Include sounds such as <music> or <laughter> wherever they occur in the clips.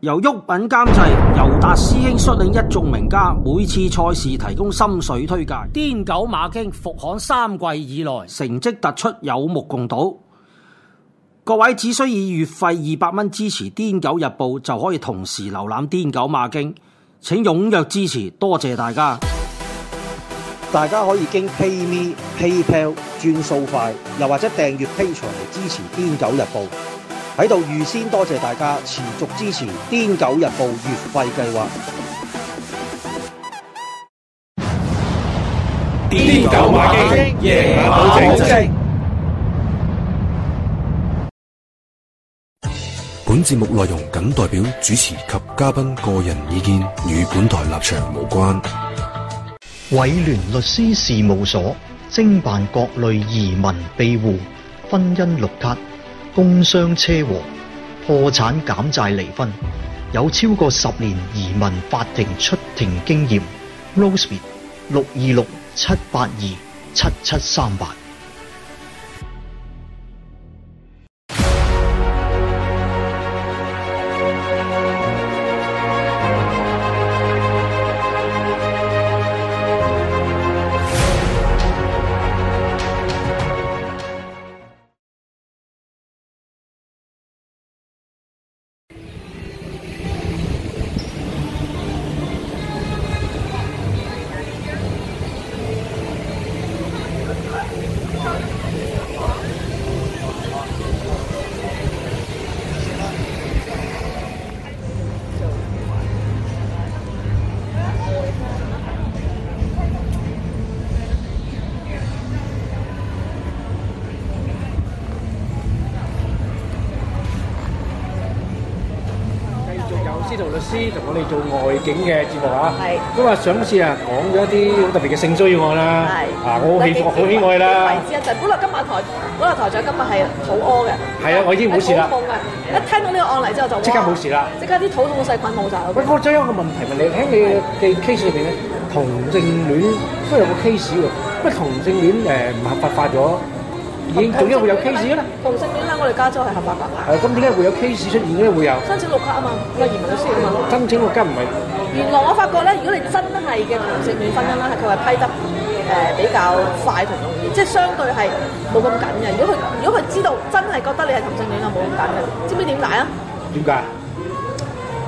由沃品監製，由達師兄率領一眾名家，每次賽事提供心水推介。癲狗馬經復刊三季以來成績突出有目共睹。各位只需要以月費二百蚊支持癲狗日報，就可以同時瀏覽癲狗馬經，請踴躍支持，多謝大家。大家可以經 PayMe、PayPal 轉數快，又或者訂閱 Pay 牆嚟支持癲狗日報。喺度預先多謝大家持續支持《癲狗日報》月費計劃。癲狗馬經，贏馬正正。本節目內容僅代表主持及嘉賓個人意見，與本台立場無關。委聯律師事務所，精辦各類移民、庇護、婚姻綠卡。工傷車禍、破產減債、離婚，有超過十年移民法庭出庭經驗 Roseman 六二六七八二七七三八。Roses, 司徒律師同我哋做外景嘅節目啊！咁啊，上次啊講咗一啲好特別嘅性騷擾案啦，啊，我氣氛好悲哀啦！啊，知一、就係、本來今日台嗰個台長今日係肚屙嘅。係啊，我已經冇事啦，肚一聽到呢個案例之後就即刻冇事啦，即刻啲肚痛細菌冇曬啦。不過仲有一個問題問你，喺你嘅 case 入邊咧，同性戀都有個 case 喎，同性戀誒唔、呃、合法化咗？已經點解會有 case 咧？同性戀啦，我哋加州係合法噶。係、嗯，咁點解會有 case 出現咧？會有申請綠卡啊嘛，個移民嘅事啊嘛。申請綠卡唔係原來我發覺咧，如果你真係嘅同性戀婚姻啦，咧，佢係批得誒比較快同容易，即係相對係冇咁緊嘅。如果佢如果佢知道真係覺得你係同性戀，就冇咁緊嘅。知唔知點解啊？點解？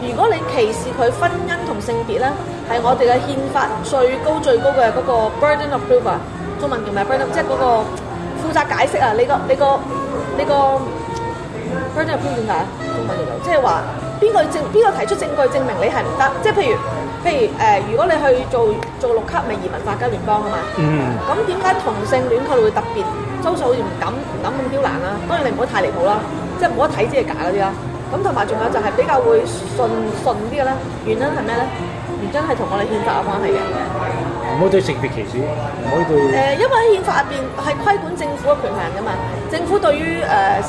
如果你歧視佢婚姻同性別咧，係我哋嘅憲法最高最高嘅嗰個 burden of proof 中文叫咩？burden，即係嗰個。負責解釋啊！你個你個你個 friend 入邊點解中文嚟㗎？即係話邊個證邊個提出證據證明你係唔得？即係譬如譬如誒，呃，如果你去做做六級，咪移民法吉聯邦啊嘛？嗯。咁點解同性戀佢會特別周數好似唔敢咁刁難啊？當然你唔好太離譜啦，即係唔好一睇即係假嗰啲啦。咁同埋仲有就係比較會順順啲嘅咧，原因係咩咧？原真係同我哋憲法有關係嘅，唔好對性別歧視，唔好對。誒，因為喺憲法入邊係規管政府嘅權限噶嘛，政府對於誒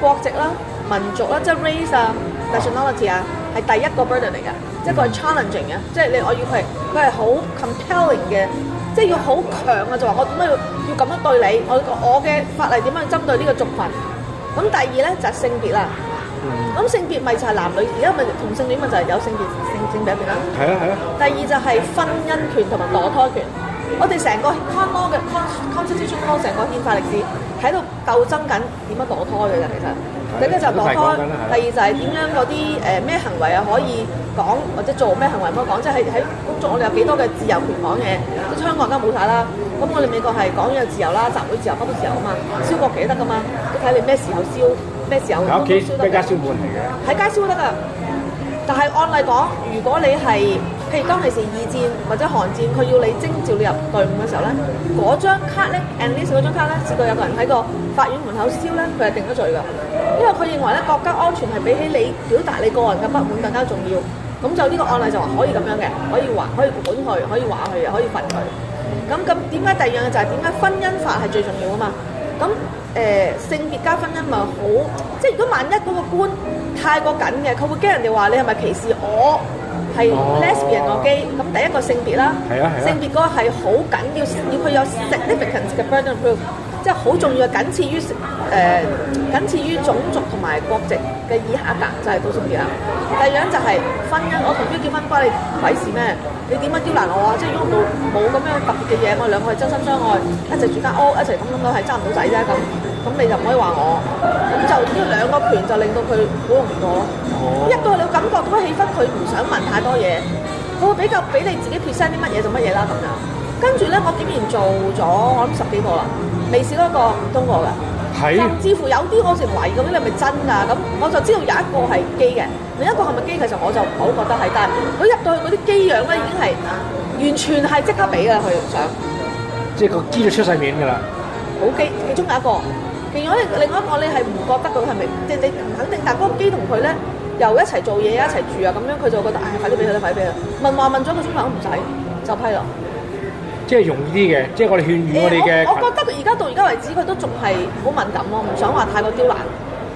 國籍啦、民族啦，即係 race 啊、nationality 啊，係第一個 burden 嚟㗎，即係個 challenging 嘅，即係你我要佢佢係好 compelling 嘅，即係要好強啊，就話我點解要要咁樣對你？我我嘅法例點樣針對呢個族群？咁第二咧就係性別啦。。咁、嗯、性別咪就係男女，而家咪同性戀咪就係有性別性性別別啦。係啊，係啊。第二就係婚姻權同埋墮胎權。我哋成個 con constitution 咩時候喺街燒嚟嘅，喺街燒得噶，但係案例講，如果你係譬如當你係二戰或者韓戰，佢要你徵召你入隊伍嘅時候咧，嗰張卡咧，and this 嗰張卡咧，試過有個人喺個法院門口燒咧，佢係定咗罪噶，因為佢認為咧國家安全係比起你表達你個人嘅不滿更加重要，咁就呢個案例就話可以咁樣嘅，可以話可以管佢，可以話佢，可以罰佢。咁咁點解第二樣就係點解婚姻法係最重要啊嘛？咁誒，性別加分咪好？即係如果萬一嗰、那個官太過緊嘅，佢會驚人哋話：「你係咪歧視我係 lesbian 嘅基、哦？咁第一個性別啦、啊啊，性別嗰個係好緊要，要佢有 significance 嘅 burden proof。即係好重要嘅，僅次於誒，僅次於種族同埋國籍嘅以下格就係咁樣樣。第二樣就係婚姻，我同你點結婚關你鬼事咩？你點樣刁難我啊？即係如果冇冇咁樣特別嘅嘢，我哋兩個係真心相愛，一齊住間屋，一齊咁咁都係生唔到仔啫咁。咁你就唔可以話我。咁就呢兩個權就令到佢好唔妥咯。一個係你感覺嗰個氣氛，佢唔想問太多嘢，佢會比較俾你自己決心啲乜嘢就乜嘢啦咁樣。跟住咧，我竟然做咗，我諗十幾個啦，未試過一個唔通過嘅。係。甚至乎有啲我成懷疑咁樣，你係咪真㗎？咁我就知道有一個係機嘅，另一個係咪機？其實我就唔好覺得係，但係佢入到去嗰啲機樣咧，已經係完全係即刻俾嘅佢唔想。即、這、係個機就出晒面㗎啦。好、那、機、個，其中有一個。其外咧，另外一個你係唔覺得佢係咪？即係你唔肯定。但係嗰個機同佢咧又一齊做嘢、一齊住啊，咁樣佢就會覺得唉，哎、快啲俾佢，快啲俾佢！」問話問咗個鐘頭都唔使，就批啦。即係容易啲嘅，即係我哋勸喻我哋嘅、欸。我覺得而家到而家為止，佢都仲係好敏感咯，唔想話太過刁難。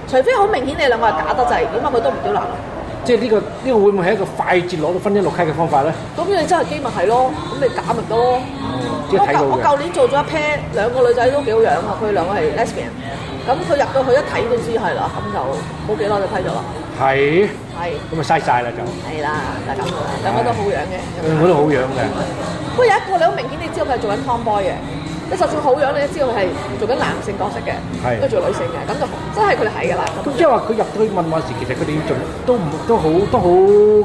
除非好明顯你兩個係假得滯，點解佢都唔刁難啦。即係呢個呢個會唔會係一個快捷攞到婚姻綠卡嘅方法咧？咁你真係基咪係咯？咁你假咪多？我舊我舊年做咗一 pair，兩個女仔都幾好樣啊！佢兩個係 lesbian，咁佢入到去一睇都知係啦，咁就冇幾耐就批咗啦。係。係。咁咪嘥曬啦就。係啦，就咁。兩個都好樣嘅。兩個都好樣嘅。不過有一個你好明顯，你知道佢係做緊 Tomboy 嘅。你就算好樣，你都知道佢係做緊男性角色嘅，係住做女性嘅，咁就好真係佢哋喺噶啦。咁即係話佢入到去問話時，其實佢哋要做都唔都好都好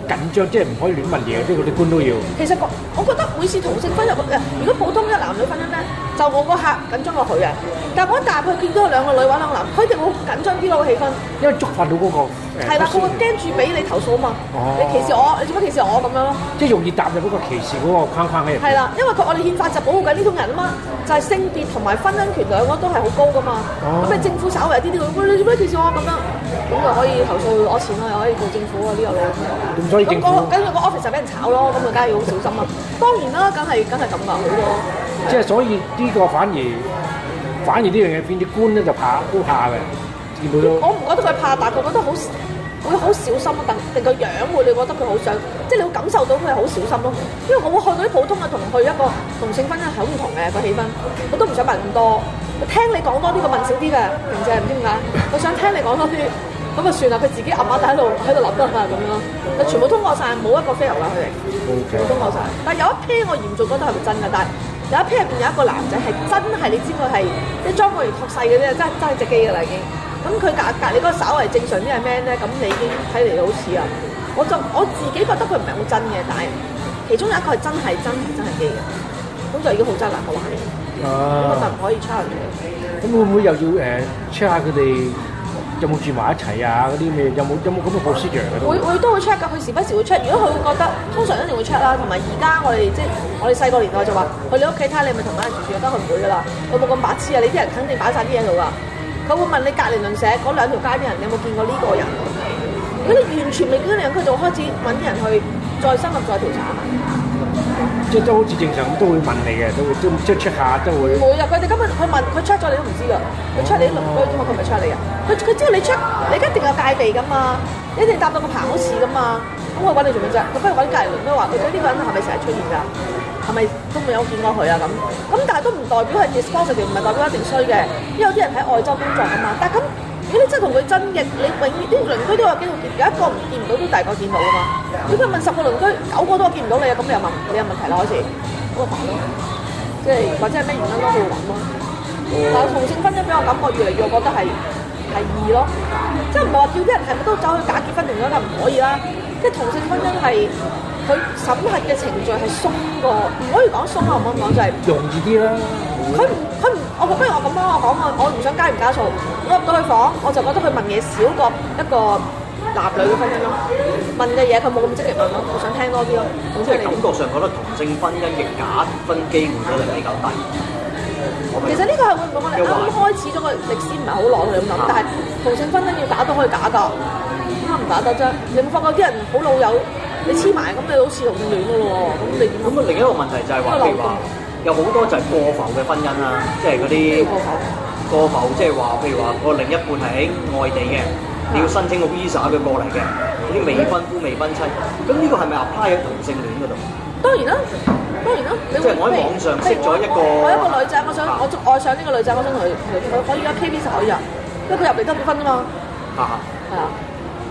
緊張，即係唔可以亂問嘢，即係嗰啲官都要。其實覺我，我覺得每次同性婚姻咁，如果普通男女婚姻咧，就我個客緊張過佢啊！但係我但係佢見到有兩個女玩，兩個男，佢一定會緊張啲咯，氣氛。因為觸犯到嗰、那個，係、欸、啦，佢會驚住俾你投訴嘛啊嘛。你歧視我，你做乜歧視我咁樣咯？即係容易踏入嗰個歧視嗰個框框咧。係啦，因為佢我哋憲法就保護緊呢種人啊嘛，就係、是、性別同埋婚姻權兩個都係好高噶嘛。咁、啊、咪政府稍微啲啲，你做乜歧視我咁樣？咁就可以投訴攞錢啦，又可以告政府啊，呢樣嗰樣。咁、那個咁個 office 就俾人炒咯，咁啊，梗係要好小心啊！ <laughs> 當然啦，梗係梗係咁噶，好多。即係所以呢個反而反而呢樣嘢變啲官咧就怕都怕嘅，全部。我唔覺得佢怕，但係我覺得好會好小心啊。但係個樣會你覺得佢好想，即係你會感受到佢係好小心咯。因為我會去到啲普通嘅同去一個同性婚姻係好唔同嘅個氣氛，我都唔想問咁多。我聽你講多啲，我問少啲嘅，唔知點解。我想聽你講多啲，咁啊算啦，佢自己阿媽喺度喺度諗啦咁樣。全部通過晒，冇一個 fail 啦，佢哋。冇通過晒。但係有一篇我嚴重覺得係咪真嘅，但係。有一篇入邊有一個男仔係真係你知佢係一裝過嚟託世嗰啲，真的真係隻機噶啦已經。咁佢隔隔你嗰個稍微正常啲係咩 a n 咧，咁你睇嚟好似啊，我就我自己覺得佢唔係好真嘅，但係其中有一個係真係真係真係機嘅，咁就已經好真啦個畫面。咁、啊、就唔可以 check 佢咁會唔會又要誒 check、呃、下佢哋？有冇住埋一齊啊？嗰啲咩？有冇有冇咁嘅好善良會會都會 check 噶，佢時不時會 check。如果佢會覺得，通常一定會 check 啦。同埋而家我哋即係我哋細個年代就話，去你屋企睇下你係咪同埋人住住得，佢唔會噶啦。佢冇咁白痴啊！你啲人肯定擺晒啲嘢度噶。佢會問你隔離鄰舍嗰兩條街啲人，你有冇見過呢個人？如果你完全未見到人，佢就開始揾啲人去再深入再調查。即都好似正常，都會問你嘅，都會都即 check 下，都會。唔會啊！佢哋今日佢問佢 check 咗你都唔知噶，佢 check 你啲鄰居，點解佢咪 check 你啊？佢佢知道你 check，你，你一定有戒備噶嘛，一定搭到個棚好似噶嘛，咁我揾你做咩啫？佢不如揾隔籬嚟咩話？或者呢個人係咪成日出現㗎？係咪都冇有見過佢啊？咁咁但係都唔代表係 dispositive 唔係代表一定衰嘅，因為有啲人喺外州工作㗎嘛。但係咁。如果你真係同佢爭嘅，你永遠啲鄰居都話幾度見，有一個唔見唔到，都大個見到㗎嘛。如果佢問十個鄰居，九個都見唔到你，咁你又問你有問題啦，好似咁啊煩咯。即係或者係咩原因都去揾咯。但係同性婚姻俾我感覺越嚟越覺得係係二咯，即係唔係話叫啲人係咪都走去假結婚定咗咁就唔可以啦？即係同性婚姻係。佢審核嘅程序係鬆過，唔可以講鬆啊，唔好講，就係容易啲啦。佢佢唔，我不如我咁樣我講啊，我唔想加唔加醋。我入到去房，我就覺得佢問嘢少過一個男女嘅婚姻咯。問嘅嘢佢冇咁積極問咯，我想聽多啲咯。即係感覺上覺得同性婚姻嘅假婚機會都係比較低。其實呢個係會唔會講咧？啱開始咗個歷史唔係好耐，我咁諗，但係同性婚姻要打都可以打㗎，點解唔打得啫？你有冇發覺啲人好老友？你黐埋咁，你好似同性戀嘅喎。咁啊，另一個問題就係話，譬如話有好多就係過浮嘅婚姻啦，即係嗰啲過浮，過浮即係話，譬如話個另一半係喺外地嘅，你要申請個 visa 佢過嚟嘅，啲未婚夫未婚妻，咁呢個係咪 apply 嘅同性戀嗰度？當然啦，當然啦，你會即係我喺網上識咗一個，我一個女仔，我想我愛上呢個女仔，我想同佢，我我而家 K visa 可以入，因為佢入嚟都結婚啫嘛。嚇嚇，係啊。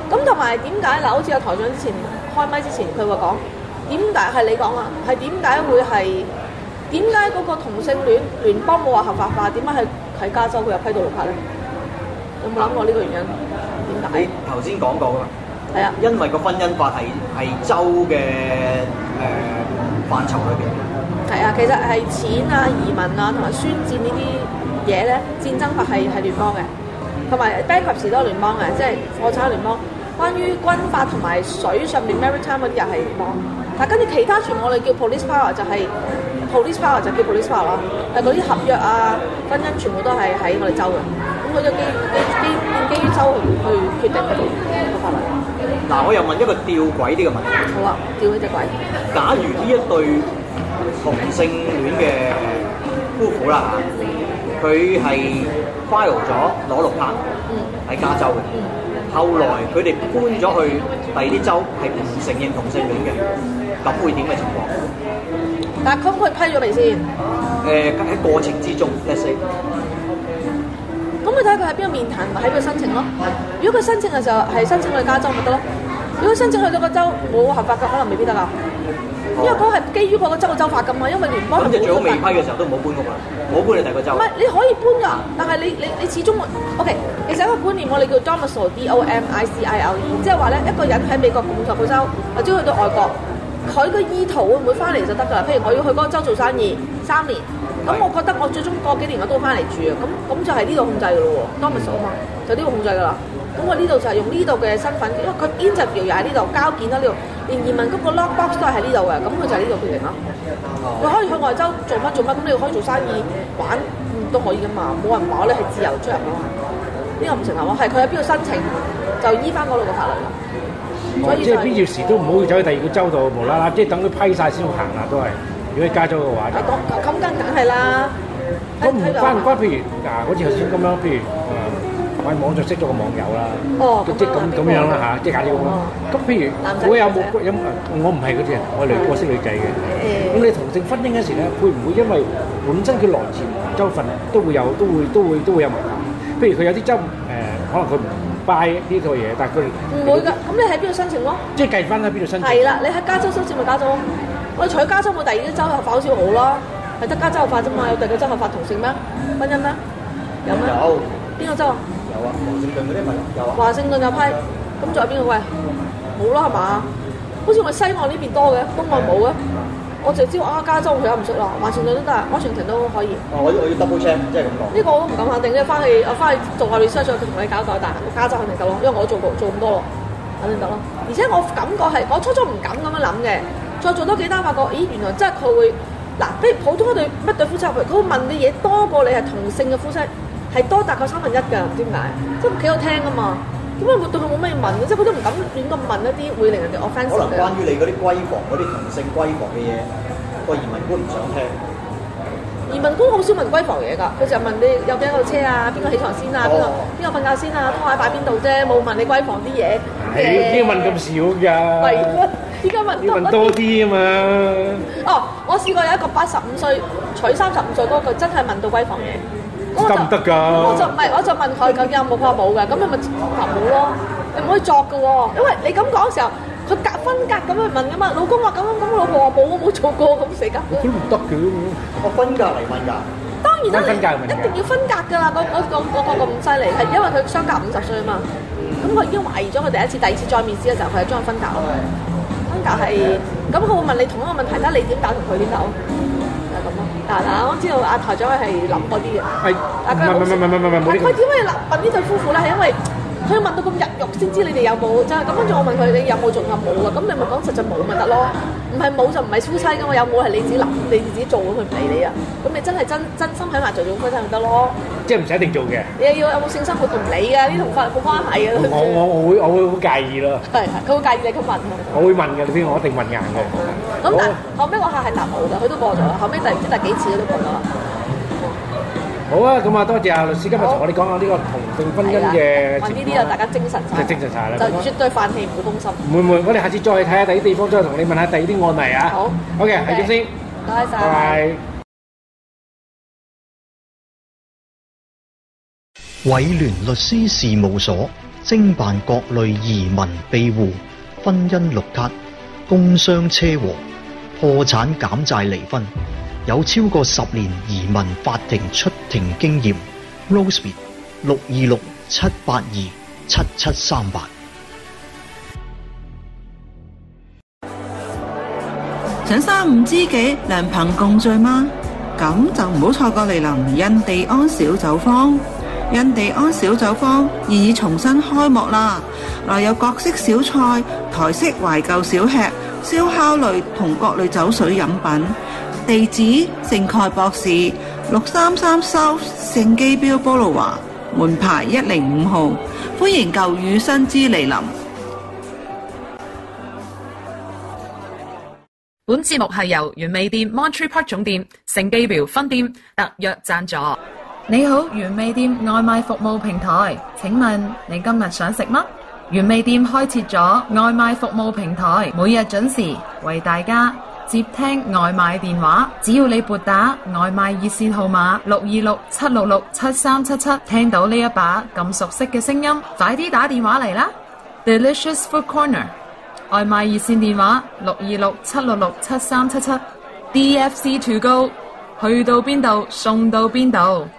咁同埋點解嗱？好似阿台長之前。開咪之前，佢話講點解係你講啊？係點解會係點解嗰個同性戀聯邦冇話合法化？點解係喺加州佢又批到綠卡咧？有冇諗過呢個原因？點解？頭先講過噶啦。係啊。因為個婚姻法係係州嘅誒範疇裏邊。係、呃、啊，其實係錢啊、移民啊同埋宣戰這些呢啲嘢咧，戰爭法係係聯邦嘅，同埋低級士多聯邦嘅，即係我炒聯邦。關於軍法同埋水上面 maritime 嗰啲又係幫，嚇、啊啊、跟住其他全部我哋叫 police power 就係、是嗯、police power 就係叫 police power 咯、啊，誒嗰啲合約啊、婚姻全部都係喺我哋州嘅，咁佢就基基基，基基基基州去，去決定個法律。嗱、啊，我又問一個吊鬼呢個問題。好啊，吊起一隻鬼。假如呢一對同性戀嘅夫婦啦嚇，佢 <laughs> 係、嗯、file 咗攞綠卡喺加州嘅。嗯嗯嗯後來佢哋搬咗去第二啲州，係唔承認同性戀嘅，咁會點嘅情況？但係佢可以批咗嚟先？誒、呃、喺過程之中，一四、嗯。咁你睇下佢喺邊個面談，喺佢申請咯。如果佢申請嘅時候係申請去加州咪得咯？如果申請去到個州冇合法嘅，可能未必得啊。Oh. 因為嗰個係基於嗰個州的州法噶嘛，因為聯邦咁就最好未批嘅時候都唔好搬噶嘛，唔好搬你第二個州。唔係，你可以搬噶，但係你你你始終，OK，其實個觀念我哋叫 domicile 即係話咧，一個人喺美國某個州，或者去到外國，佢個意圖會唔會翻嚟就得㗎？譬如我要去嗰個州做生意三年，咁我覺得我最終過幾年我都翻嚟住啊，咁咁就係呢度控制㗎咯喎，domicile 嘛，就呢度控制㗎啦。咁我呢度就係用呢度嘅身份，因為佢 interview 又喺呢度，交件喺呢度。連移民局個 lockbox 都喺呢度嘅，咁佢就係呢度決定咯。佢可以去外州做乜做乜，咁你可以做生意玩都可以噶嘛，冇人話你係自由出入噶嘛。呢個唔成立喎，係佢喺邊度申請就依翻嗰度嘅法律啦。所以即係必要時都唔好走去第二個州度無啦啦，即係等佢批曬先去行啦都係。如果去加州嘅話，咁咁梗係啦。都唔關，唔關譬如啊，好似頭先咁樣，譬如。喺網上識咗個網友啦、哦啊，即咁咁樣啦吓，即係介咁譬如我有冇因我唔係嗰啲人，是我嚟我識女仔嘅。咁、嗯、你同性婚姻嗰時咧、嗯，會唔會因為本身佢來自州份咧，都會有都會都會都會有問題？譬如佢有啲州誒、呃，可能佢唔拜呢個嘢，但係佢唔會㗎。咁你喺邊度申請喎？即、就、係、是、計翻喺邊度申請？係啦，你喺加州申請咪加州？嗯、我哋喺加州冇第二個州合法好啦，係得加州合法啫嘛，有第二個州合法同性咩婚姻咩？有咩？有、嗯、邊個州？有啊，華盛頓嗰啲咪有啊。華盛頓有批，咁仲有邊、啊、個？喂，冇咯係嘛？好似我哋西岸呢邊多嘅，東岸冇啊。我就知啊，加州佢又唔出唔識咯，華盛頓都得，安順城都可以。我要我要 double check，即係咁講。呢、呢個我都唔敢肯定，因為翻去我翻去做下 research，再同你搞搞，但係加州肯定得咯，因為我都做過做咁多咯，肯定得咯。而且我感覺係，我初初唔敢咁樣諗嘅，再做多幾單，發覺咦原來真係佢會嗱，譬如普通一對乜對夫妻，佢會問嘅嘢多過你係同性嘅夫妻。係多達個三分一㗎，唔知點解？即係幾好聽㗎嘛？咁啊，對佢冇咩問嘅，即係佢都唔敢亂咁問一啲會令人哋 offence 嘅嘢。可能關於你嗰啲閨房嗰啲同性閨房嘅嘢，個移民官唔想聽。移民官好少問閨房嘢㗎，佢就問你有幾多個車啊？邊個起牀先啊？邊個邊個瞓覺先啊？拖鞋擺邊度啫？冇問你閨房啲嘢。誒，點解問咁少㗎？係，依家問。要問多啲啊嘛！哦，我試過有一個八十五歲娶三十五歲嗰個，真係問到閨房嘢。我就唔係，我就問佢究竟有冇跨步嘅，咁你咪唔好咯，你唔可以作嘅喎，因為你咁講嘅時候，佢隔分隔咁去問嘅嘛，老公話咁樣咁，老婆話冇，我冇做過咁死㗎。咁唔得嘅喎，我分隔嚟問㗎。當然啦，你一定要分隔㗎啦，我我我我我咁犀利，係因為佢相隔五十歲啊嘛，咁我已經懷疑咗佢第一次、第二次再面試嘅時候，佢係將佢分隔咯。分隔係，咁佢會問你同一個問題，睇下你點答同佢點答？嗱嗱，我知道阿台長係諗嗰啲嘅，係啊，唔唔唔唔唔唔唔，我點解諗揾呢對夫婦咧？係因為。佢問到咁入肉先知你哋有冇就係咁，跟住我問佢，你有冇做有冇啊？咁你咪講實在冇咪得咯，唔係冇就唔係夫妻噶嘛，有冇係你自己諗你自己做，咁佢唔理你啊？咁你真係真真心喺埋做咁夫妻咪得咯？即係唔使一定做嘅。你又有冇性生活同你噶呢個法律有冇關係啊？我我我會我會好介意咯。係係，佢好介意你，佢問。我會問嘅，你知我一定問硬嘅。咁但後尾我客係男模㗎，佢都過咗啦。後尾就唔知第幾次都過咗。好啊，咁啊，多謝啊，律師，今日同我哋講下呢個同性婚姻嘅，問呢啲就，大家精神曬，就精神曬啦，就絕對犯氣唔好公心。唔會唔會，我哋下次再睇下第啲地方，再同你問下第二啲案例啊。好，OK，係咁先。多謝。拜拜。偉聯律師事務所，精辦各類移民庇護、婚姻綠卡、工傷車禍、破產減債、離婚。有超過十年移民法庭出庭經驗，Rosebud 六二六七八二七七三八。想三五知己良朋共聚嗎？咁就唔好錯過嚟臨印地安小酒坊。印地安小酒坊現已重新開幕啦！內有各式小菜、台式懷舊小吃、燒烤類同各類酒水飲品。地址聖蓋博士六三三 South 聖基表波羅華門牌一零五號，歡迎舊雨新知嚟臨。本節目係由原味店 Monterey Park 總店聖基表分店特約贊助。你好，原味店外賣服務平台，請問你今日想食乜？原味店開設咗外賣服務平台，每日準時為大家。接聽外賣電話，只要你撥打外賣熱線號碼六二六七六六七三七七，聽到呢一把咁熟悉嘅聲音，快啲打電話嚟啦！Delicious Food Corner 外賣熱線電話六二六七六六七三七七，D F C To Go 去到邊度送到邊度。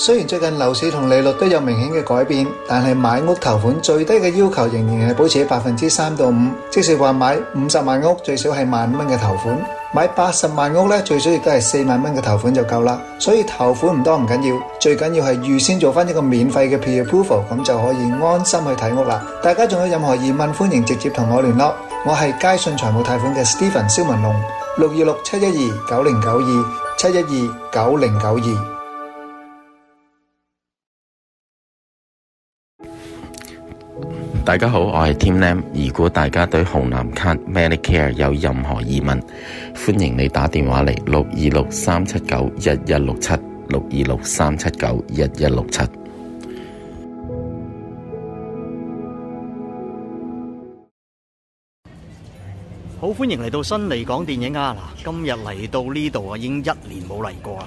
雖然最近樓市同利率都有明顯嘅改變，但係買屋頭款最低嘅要求仍然係保持喺百分之三到五，即是話買五十萬屋最少係萬蚊嘅頭款，買八十萬屋咧最少亦都係四萬蚊嘅頭款就夠啦。所以頭款唔多唔緊要，最緊要係預先做翻一個免費嘅 pre approval，咁就可以安心去睇屋啦。大家仲有任何疑問，歡迎直接同我聯絡。我係佳信財務貸款嘅 Stephen 大家好，我係 Tim Lam。如果大家對紅藍卡 Medicare 有任何疑問，歡迎你打電話嚟六二六三七九一一六七六二六三七九一一六七。好，歡迎嚟到辛尼講電影啊！嗱，今日嚟到呢度啊，已經一年冇嚟過啦。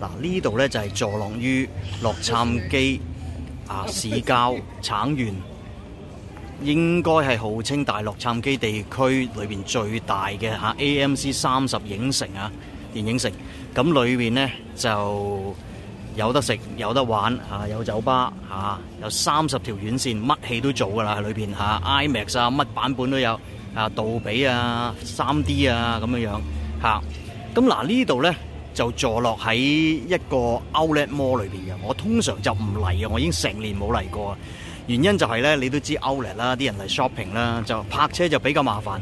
嗱，呢度咧就係坐落於洛杉磯 <laughs> 啊市郊史 <laughs> 橙園。應該係號稱大洛杉磯地區裏邊最大嘅嚇 AMC 三十影城啊，電影城咁裏邊咧就有得食有得玩嚇，有酒吧嚇，有三十條院線，乜戲都做㗎啦喺裏邊嚇，IMAX 啊，乜版本都有啊，杜比啊，三 D 啊咁樣樣嚇。咁嗱呢度咧就坐落喺一個 Outlet Mall 裏邊嘅，我通常就唔嚟嘅，我已經成年冇嚟過。原因就係咧，你都知 Outlet 啦，啲人嚟 shopping 啦，就泊車就比較麻煩。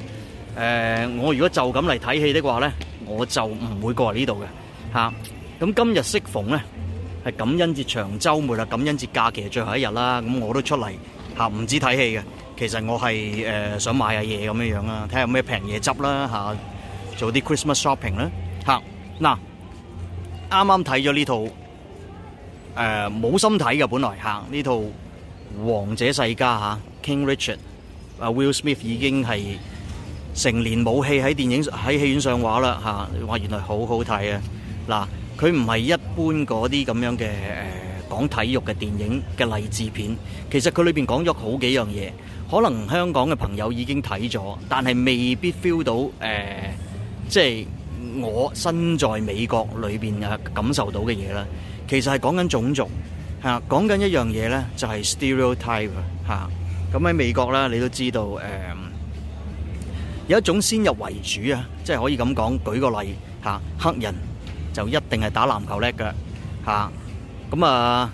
呃、我如果就咁嚟睇戲的話咧，我就唔會過嚟呢度嘅嚇。咁、啊、今日適逢咧係感恩節長週末啦，感恩節假期最後一日啦，咁我都出嚟嚇，唔、啊、止睇戲嘅。其實我係、呃、想買下嘢咁樣樣啦，睇下有咩平嘢執啦嚇，做啲 Christmas 王者世家吓 King Richard，啊 Will Smith 已經係成年冇戲喺電影喺戲院上畫啦吓，話原來好好睇啊！嗱，佢唔係一般嗰啲咁樣嘅誒講體育嘅電影嘅勵志片，其實佢裏邊講咗好幾樣嘢。可能香港嘅朋友已經睇咗，但係未必 feel 到誒即係我身在美國裏邊啊感受到嘅嘢啦。其實係講緊種族。係啦，講緊一樣嘢咧，就係 stereotype 嚇。咁喺美國啦，你都知道誒，有一種先入為主啊，即係可以咁講。舉個例嚇，黑人就一定係打籃球叻㗎嚇。咁啊，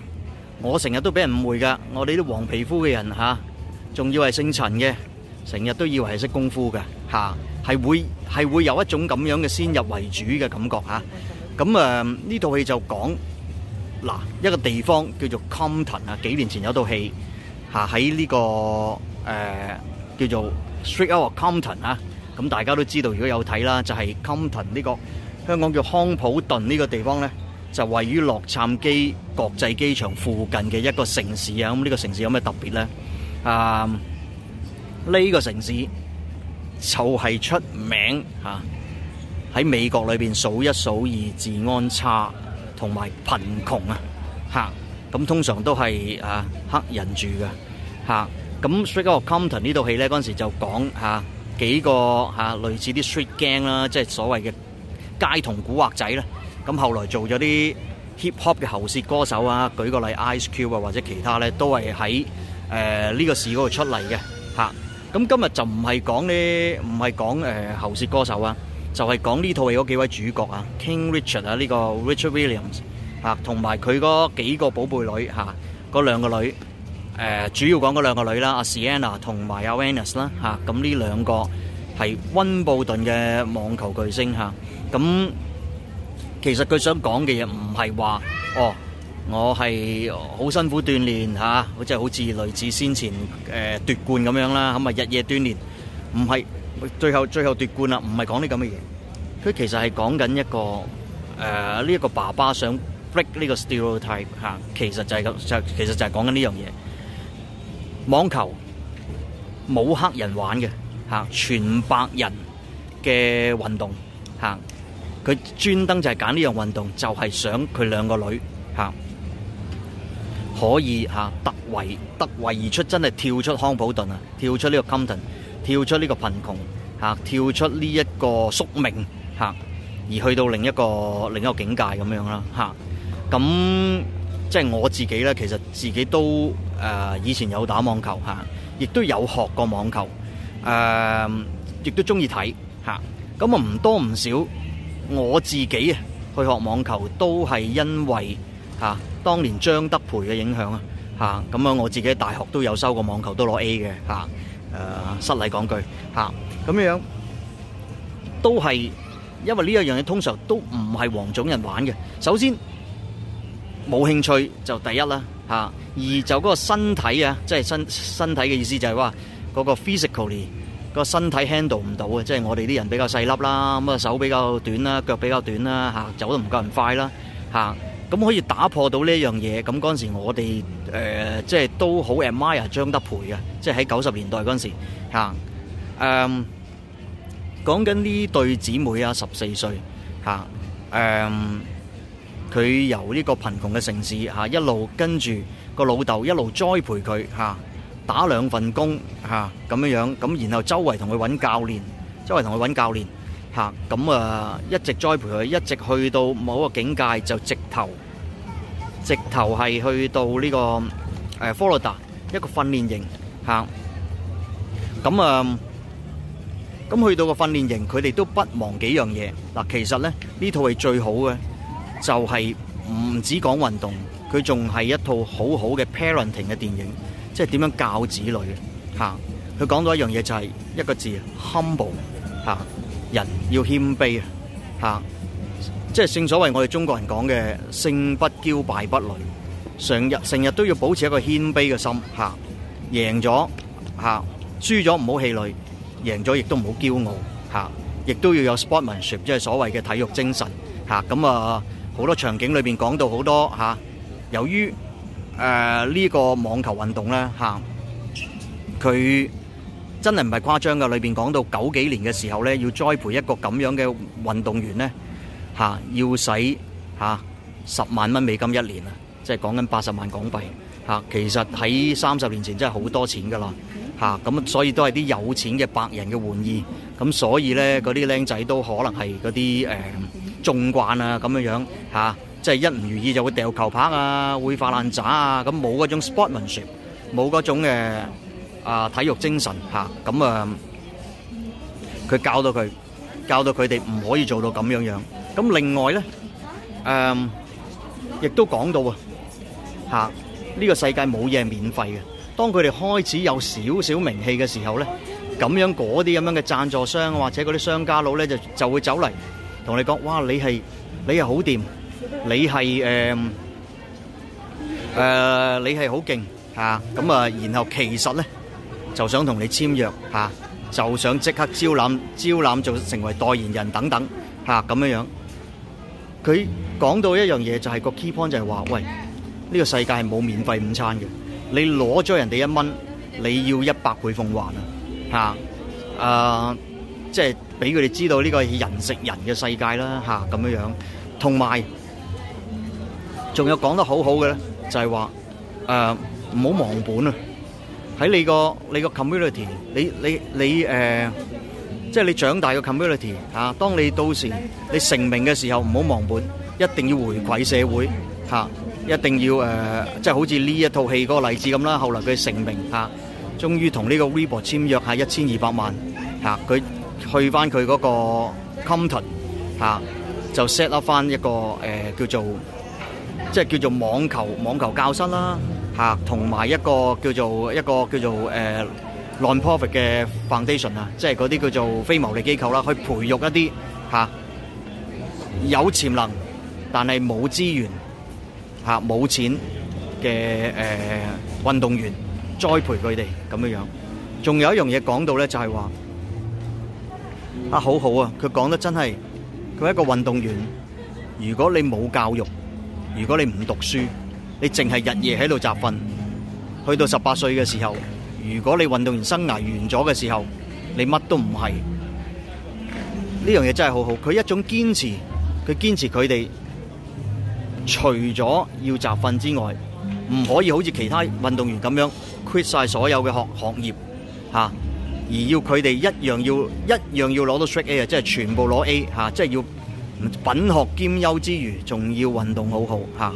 我成日都俾人誤會㗎，我哋啲黃皮膚嘅人嚇，仲以為姓陳嘅，成日都以為係識功夫㗎嚇，係會係會有一種咁樣嘅先入為主嘅感覺嚇。咁啊，呢套戲就講。嗱，一個地方叫做 Compton 啊，幾年前有套戲嚇喺呢個、呃、叫做 Straight Outta Compton 啊，咁大家都知道如果有睇啦，就係、是、Compton 呢、這個香港叫康普頓呢個地方咧，就位於洛杉磯國際機場附近嘅一個城市啊。咁、這、呢個城市有咩特別咧？啊，呢、這個城市就係出名嚇喺、啊、美國裏面數一數二治安差。同埋貧窮啊，嚇！咁通常都係啊黑人住嘅嚇。咁 Straight Outta Compton 呢套戲咧，嗰陣時就講嚇幾個嚇類似啲 Street Gang 啦，即係所謂嘅街童古惑仔啦。咁後來做咗啲 Hip Hop 嘅喉舌歌手啊，舉個例 Ice Cube 啊，或者其他咧，都係喺誒呢個市嗰度出嚟嘅嚇。咁今日就唔係講呢，唔係講誒喉舌歌手啊。就係講呢套戲嗰幾位主角啊，King Richard 啊，呢個 Richard Williams 嚇，同埋佢嗰幾個寶貝女嚇，嗰兩個女，誒、呃、主要講嗰兩個女啦，阿 Sienna 同埋阿 Venus 啦、啊、嚇，咁呢兩個係溫布頓嘅網球巨星嚇，咁、啊、其實佢想講嘅嘢唔係話，哦，我係好辛苦鍛鍊嚇，好似好似類似先前誒奪、呃、冠咁樣啦，咁啊日夜鍛鍊，唔係。最後最後奪冠啦，唔係講啲咁嘅嘢，佢其實係講緊一個誒呢一個爸爸想 break 呢個 stereotype 嚇、啊，其實就係、是、咁，就其實就係講緊呢樣嘢。網球冇黑人玩嘅嚇、啊，全白人嘅運動嚇，佢專登就係揀呢樣運動，就係、是、想佢兩個女嚇、啊、可以嚇突圍，突、啊、圍而出，真係跳出康普頓啊，跳出呢個 Compton。跳出呢個貧窮嚇，跳出呢一個宿命嚇，而去到另一個另一個境界咁樣啦嚇。咁即係我自己呢，其實自己都誒、呃、以前有打網球嚇，亦都有學過網球誒，亦、呃、都中意睇嚇。咁啊唔多唔少，我自己啊去學網球都係因為嚇、啊、當年張德培嘅影響啊嚇。咁啊我自己大學都有修過網球，都攞 A 嘅嚇。啊誒，失禮講句吓，咁樣都係因為呢一樣嘢通常都唔係黃種人玩嘅。首先冇興趣就第一啦吓，而就嗰個身體啊，即係身身體嘅意思就係話嗰個 physically 個身體 handle 唔到啊，即係我哋啲人比較細粒啦，咁啊手比較短啦，腳比較短啦吓，走得唔夠人快啦吓。咁可以打破到呢樣嘢，咁嗰陣時我哋誒、呃、即係都好 admire 張德培嘅，即係喺九十年代嗰陣時嚇誒、啊嗯、講緊呢對姊妹啊，十四歲嚇誒，佢、啊嗯、由呢個貧窮嘅城市嚇、啊、一路跟住個老豆一路栽培佢嚇、啊、打兩份工嚇咁樣樣，咁然後周圍同佢揾教練，周圍同佢揾教練。嚇、啊、咁啊！一直栽培佢，一直去到某個境界，就直頭直頭係去到呢、這個誒佛羅里達一個訓練營嚇。咁啊，咁、啊啊啊、去到個訓練營，佢哋都不忘幾樣嘢嗱。其實咧，呢套係最好嘅，就係唔止講運動，佢仲係一套好好嘅 parenting 嘅電影，即係點樣教子女嚇。佢、啊、講到一樣嘢就係一個字，humble 嚇、啊。人要謙卑啊，嚇！即係正所謂我哋中國人講嘅勝不驕，敗不餒。成日成日都要保持一個謙卑嘅心，嚇、啊！贏咗嚇、啊，輸咗唔好氣餒；贏咗亦都唔好驕傲，嚇、啊！亦都要有 sportsmanship，即係所謂嘅體育精神，嚇！咁啊，好、啊、多場景裏邊講到好多嚇、啊，由於誒呢、呃這個網球運動咧嚇，佢、啊。真係唔係誇張噶，裏邊講到九幾年嘅時候咧，要栽培一個咁樣嘅運動員咧，嚇，要使嚇十萬蚊美金一年啊，即係講緊八十萬港幣嚇。其實喺三十年前真係好多錢噶啦嚇，咁所以都係啲有錢嘅白人嘅玩意。咁所以咧，嗰啲僆仔都可能係嗰啲誒縱慣啊咁樣樣嚇，即係一唔如意就會掉球拍啊，會發爛渣啊，咁冇嗰種 sportmanship，冇嗰種嘅。啊！體育精神嚇，咁啊，佢教到佢，教到佢哋唔可以做到咁樣樣。咁另外咧，誒，亦都講到啊，嚇呢個世界冇嘢係免費嘅。當佢哋開始有少少名氣嘅時候咧，咁樣嗰啲咁樣嘅贊助商或者嗰啲商家佬咧，就就會走嚟同你講，哇，你係你係好掂，你係誒誒，你係好勁嚇。咁啊，然後其實咧。就想同你簽約嚇、啊，就想即刻招攬招攬做成為代言人等等嚇咁樣樣。佢講到一樣嘢就係、是、個 key point 就係話喂，呢、這個世界係冇免費午餐嘅。你攞咗人哋一蚊，你要一百倍奉還啊嚇！誒、啊，即係俾佢哋知道呢個人食人嘅世界啦嚇咁樣樣。同埋仲有講得很好好嘅咧，就係話誒唔好忘本啊！喺你個你個 community，你你你誒，即係你長大嘅 community 嚇。當你到時你成名嘅時候，唔好忘本，一定要回饋社會嚇。一定要誒，即係好似呢一套戲嗰個例子咁啦。後來佢成名嚇，終於同呢個 Reebok 簽約吓，一千二百萬嚇。佢去翻佢嗰個 Compton 嚇，就 set up 翻一個誒叫做即係叫做網球網球教室啦。嚇，同埋一個叫做一個叫做誒 non-profit 嘅 foundation 啊，即係嗰啲叫做非牟利機構啦，去培育一啲嚇有潛能但係冇資源嚇冇錢嘅誒運動員，栽培佢哋咁樣樣。仲有一樣嘢講到咧，就係話啊，好好啊，佢講得真係佢係一個運動員，如果你冇教育，如果你唔讀書。你淨係日夜喺度集訓，去到十八歲嘅時候，如果你運動員生涯完咗嘅時候，你乜都唔係。呢樣嘢真係好好，佢一種堅持，佢堅持佢哋除咗要集訓之外，唔可以好似其他運動員咁樣 quit 晒所有嘅學學業吓，啊，而要佢哋一樣要一樣要攞到 track A, A 啊，即係全部攞 A 吓，即係要品學兼優之餘，仲要運動好好吓。啊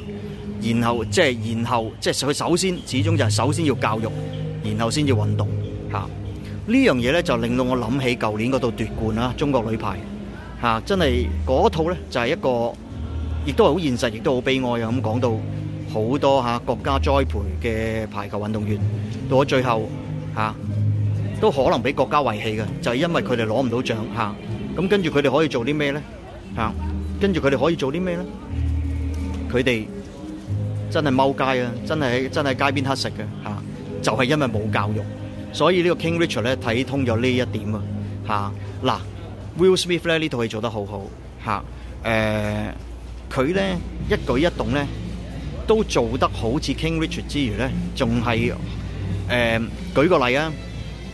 然後即係，然後即係，佢首先始終就係首先要教育，然後先至運動嚇。呢樣嘢咧就令到我諗起舊年嗰度奪冠啦，中國女排嚇，真係嗰套咧就係一個，亦都係好現實，亦都好悲哀啊！咁講到好多嚇國家栽培嘅排球運動員，到咗最後嚇都可能俾國家遺棄嘅，就係因為佢哋攞唔到獎嚇。咁跟住佢哋可以做啲咩咧嚇？跟住佢哋可以做啲咩咧？佢哋。真係踎街啊！真係喺真係街邊乞食嘅、啊、嚇、啊，就係、是、因為冇教育，所以呢個 King Richard 咧睇通咗呢一點啊嚇嗱、啊、Will Smith 咧呢套戲做得好好嚇，誒佢咧，一舉一動咧都做得好似 King Richard，之餘咧仲係誒，舉個例啊，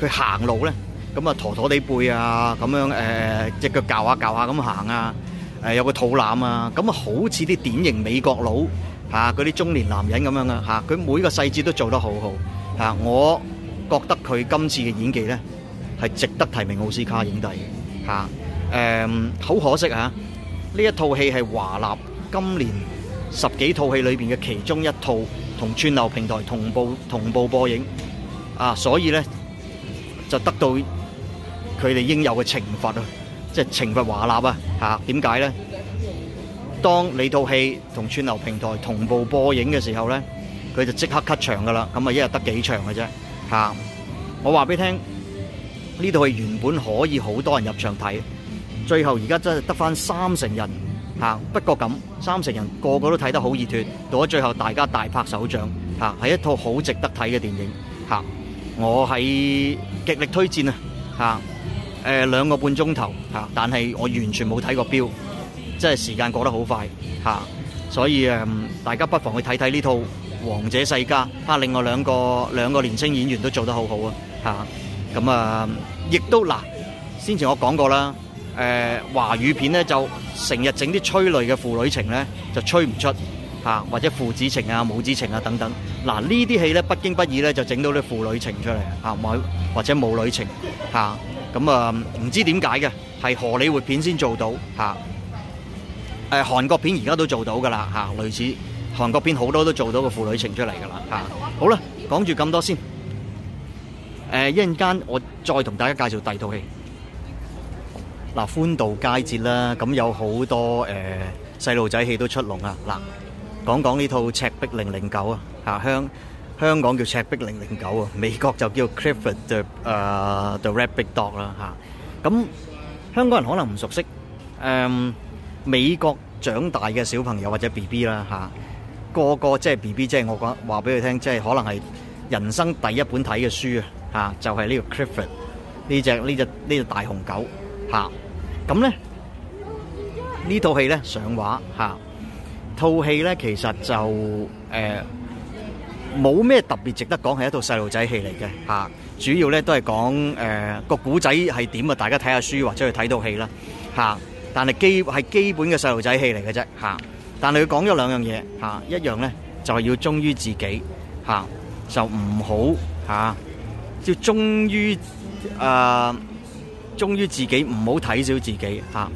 佢行路咧咁啊，駝駝地背啊咁樣，誒隻、呃、腳教下教下咁行啊，誒、呃、有個肚腩啊，咁啊好似啲典型美國佬。嚇，嗰啲中年男人咁樣嘅嚇，佢每個細節都做得好好嚇，我覺得佢今次嘅演技咧係值得提名奧斯卡影帝嚇。誒，好可惜嚇，呢一套戲係華納今年十幾套戲裏邊嘅其中一套，同串流平台同步同步播映啊，所以咧就得到佢哋應有嘅懲罰，即係懲罰華納啊嚇。點解咧？當你套戲同串流平台同步播映嘅時候呢，佢就即刻 cut 場噶啦。咁啊，一日得幾場嘅啫。嚇，我話俾你聽，呢套戲原本可以好多人入場睇，最後而家真係得返三成人嚇。不過咁，三成人個個都睇得好熱攤，到咗最後大家大拍手掌嚇，係一套好值得睇嘅電影嚇。我喺極力推薦啊嚇。誒，兩個半鐘頭嚇，但係我完全冇睇過表。即係時間過得好快嚇、啊，所以誒，大家不妨去睇睇呢套《王者世家》啊，嚇，另外兩個兩個年青演員都做得好好啊嚇，咁啊，亦、啊、都嗱、啊，先前我講過啦，誒、啊、華語片咧就成日整啲催淚嘅父女情咧就吹唔出嚇、啊，或者父子情啊、母子情啊等等，嗱、啊、呢啲戲咧不經不意咧就整到啲父女情出嚟嚇、啊，或者母女情嚇，咁啊唔、啊、知點解嘅係荷里活片先做到嚇。啊誒韓國片而家都做到噶啦嚇，類似韓國片好多都做到個父女情出嚟噶啦嚇。好啦，講住咁多先。誒一陣間我再同大家介紹第二套戲。嗱，歡度佳節啦，咁有好多誒細路仔戲都出籠啊。嗱，講講呢套《赤 big 靈靈狗》啊，嚇，香香港叫《赤 big 靈靈狗》啊，美國就叫《Clifford the》誒《The Red Big Dog》啦嚇。咁香港人可能唔熟悉誒。美國長大嘅小朋友或者 B B 啦嚇，個個即係 B B，即係我講話俾佢聽，即係可能係人生第一本睇嘅書啊嚇，就係呢個 Clifford 呢隻呢隻呢隻大紅狗嚇。咁咧呢套戲咧上畫嚇，套戲咧其實就誒冇咩特別值得講，係一套細路仔戲嚟嘅嚇。主要咧都係講誒個古仔係點啊，大家睇下書或者去睇套戲啦嚇。呃但係基係基本嘅細路仔戲嚟嘅啫嚇，但係佢講咗兩樣嘢嚇、啊，一樣咧就係要忠於自己嚇、啊，就唔好嚇，要忠於誒忠於自己，唔好睇小自己嚇。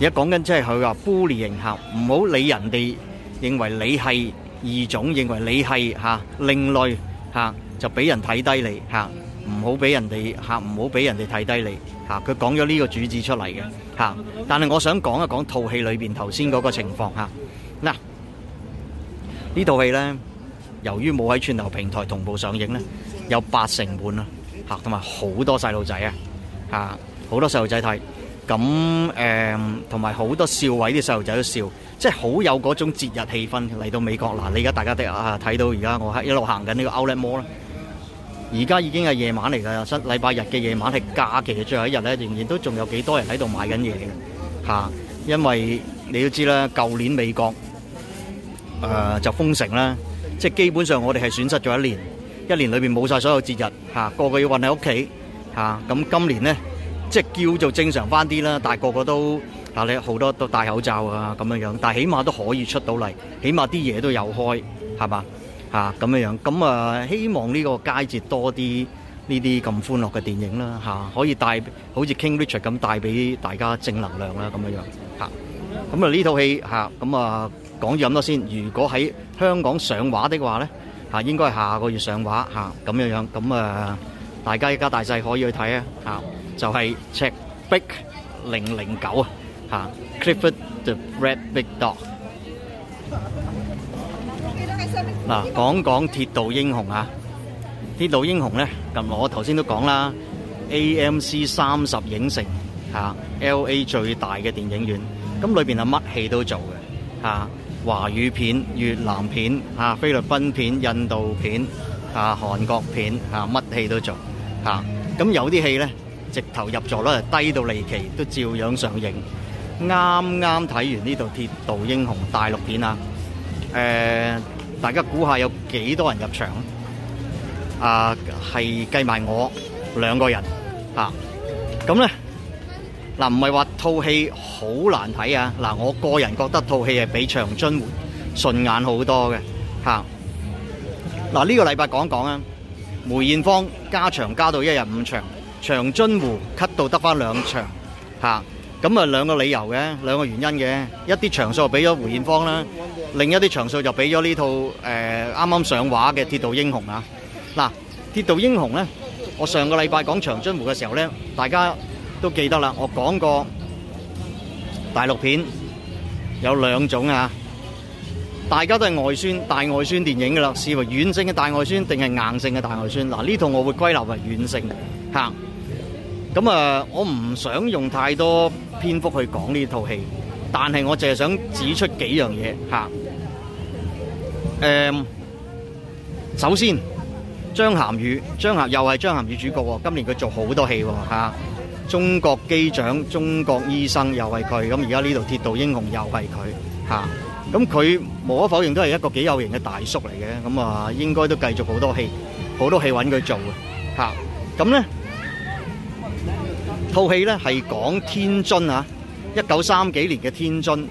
而家講緊即係佢話，bullying，唔、啊、好、就是啊、理人哋認為你係異種，認為你係嚇、啊、另類嚇、啊，就俾人睇低你嚇，唔好俾人哋嚇，唔好俾人哋睇低你嚇。佢、啊、講咗呢個主旨出嚟嘅。但係我想講一講套戲裏邊頭先嗰個情況嚇。嗱、啊，呢套戲呢，由於冇喺串流平台同步上映呢，有八成半啦嚇，同埋好多細路仔啊嚇，好多細路仔睇，咁誒同埋好多笑位，啲細路仔都笑，即係好有嗰種節日氣氛，嚟到美國嗱、啊。你而家大家都啊睇到，而家我喺一路行緊呢個《Outlet Mall》啦。而家已經係夜晚嚟㗎，禮拜日嘅夜晚係假期嘅最後一日咧，仍然都仲有幾多人喺度買緊嘢嘅嚇，因為你要知啦，舊年美國誒就封城啦，即係基本上我哋係損失咗一年，一年裏邊冇晒所有節日嚇，個個要困喺屋企嚇，咁今年咧即係叫做正常翻啲啦，但係個個都啊咧好多都戴口罩啊咁樣樣，但係起碼都可以出到嚟，起碼啲嘢都有開係嘛？嚇咁樣樣，咁啊希望呢個佳節多啲呢啲咁歡樂嘅電影啦嚇，可以帶好似 King Richard 咁帶俾大家正能量啦咁樣樣嚇。咁啊呢套戲嚇咁啊講咗咁多先，如果喺香港上畫的話咧嚇，應該係下個月上畫嚇咁樣樣，咁啊大家一家大細可以去睇啊嚇，就係赤 big 零零九啊嚇，Clifford the Red Big Dog。嗱，講講鐵道英雄啊！鐵道英雄咧，咁我頭先都講啦，AMC 三十影城，LA 最大嘅電影院，咁裏邊係乜戲都做嘅啊，華語片、越南片啊、菲律賓片、印度片啊、韓國片啊，乜戲都做啊。咁有啲戲咧，直頭入座率低到離奇，都照樣上映。啱啱睇完呢度《鐵道英雄》大陸片啊，誒。大家估下有幾多人入場？啊，係計埋我兩個人嚇。咁咧，嗱唔係話套戲好難睇啊！嗱、啊啊啊，我個人覺得套戲係比長津湖順眼好多嘅嚇。嗱、啊、呢、啊呢個禮拜講講啊，梅艷芳加場加到一日五場，長津湖 cut 到得返兩場嚇。啊咁啊，兩個理由嘅，兩個原因嘅，一啲場數就俾咗胡燕芳啦，另一啲場數就俾咗呢套誒啱啱上畫嘅《鐵道英雄》啊。嗱，《鐵道英雄》咧，我上個禮拜講長津湖嘅時候咧，大家都記得啦，我講過大陸片有兩種啊，大家都係外宣、大外宣電影噶啦，視為軟性嘅大外宣定係硬性嘅大外宣。嗱，呢套我會歸納為軟性嘅嚇。咁、嗯、啊，我唔想用太多篇幅去講呢套戲，但係我淨係想指出幾樣嘢吓。誒、啊嗯，首先張涵予張涵又係張涵予主角，今年佢做好多戲吓，啊《中國機長》《中國醫生又是他》又係佢，咁而家呢度《鐵道英雄又是他》又係佢吓。咁、啊、佢無可否認都係一個幾有型嘅大叔嚟嘅，咁啊應該都繼續好多戲，好多戲揾佢做嘅吓。咁、啊、咧。套戲咧係講天津啊，一九三幾年嘅天津，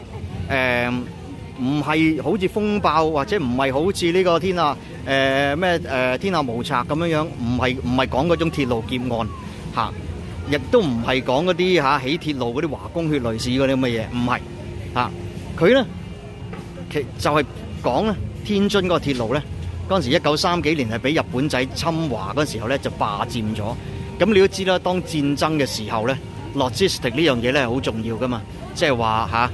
誒唔係好似風暴或者唔係好似呢個天下誒咩誒天下無賊咁樣樣，唔係唔係講嗰種鐵路劫案吓，亦都唔係講嗰啲吓起鐵路嗰啲華工血淚史嗰啲咁嘅嘢，唔係吓，佢咧其就係講咧天津嗰個鐵路咧，嗰陣時一九三幾年係俾日本仔侵華嗰陣時候咧就霸佔咗。咁你都知啦，當戰爭嘅時候咧，Logistics 呢樣嘢咧係好重要噶嘛，即係話吓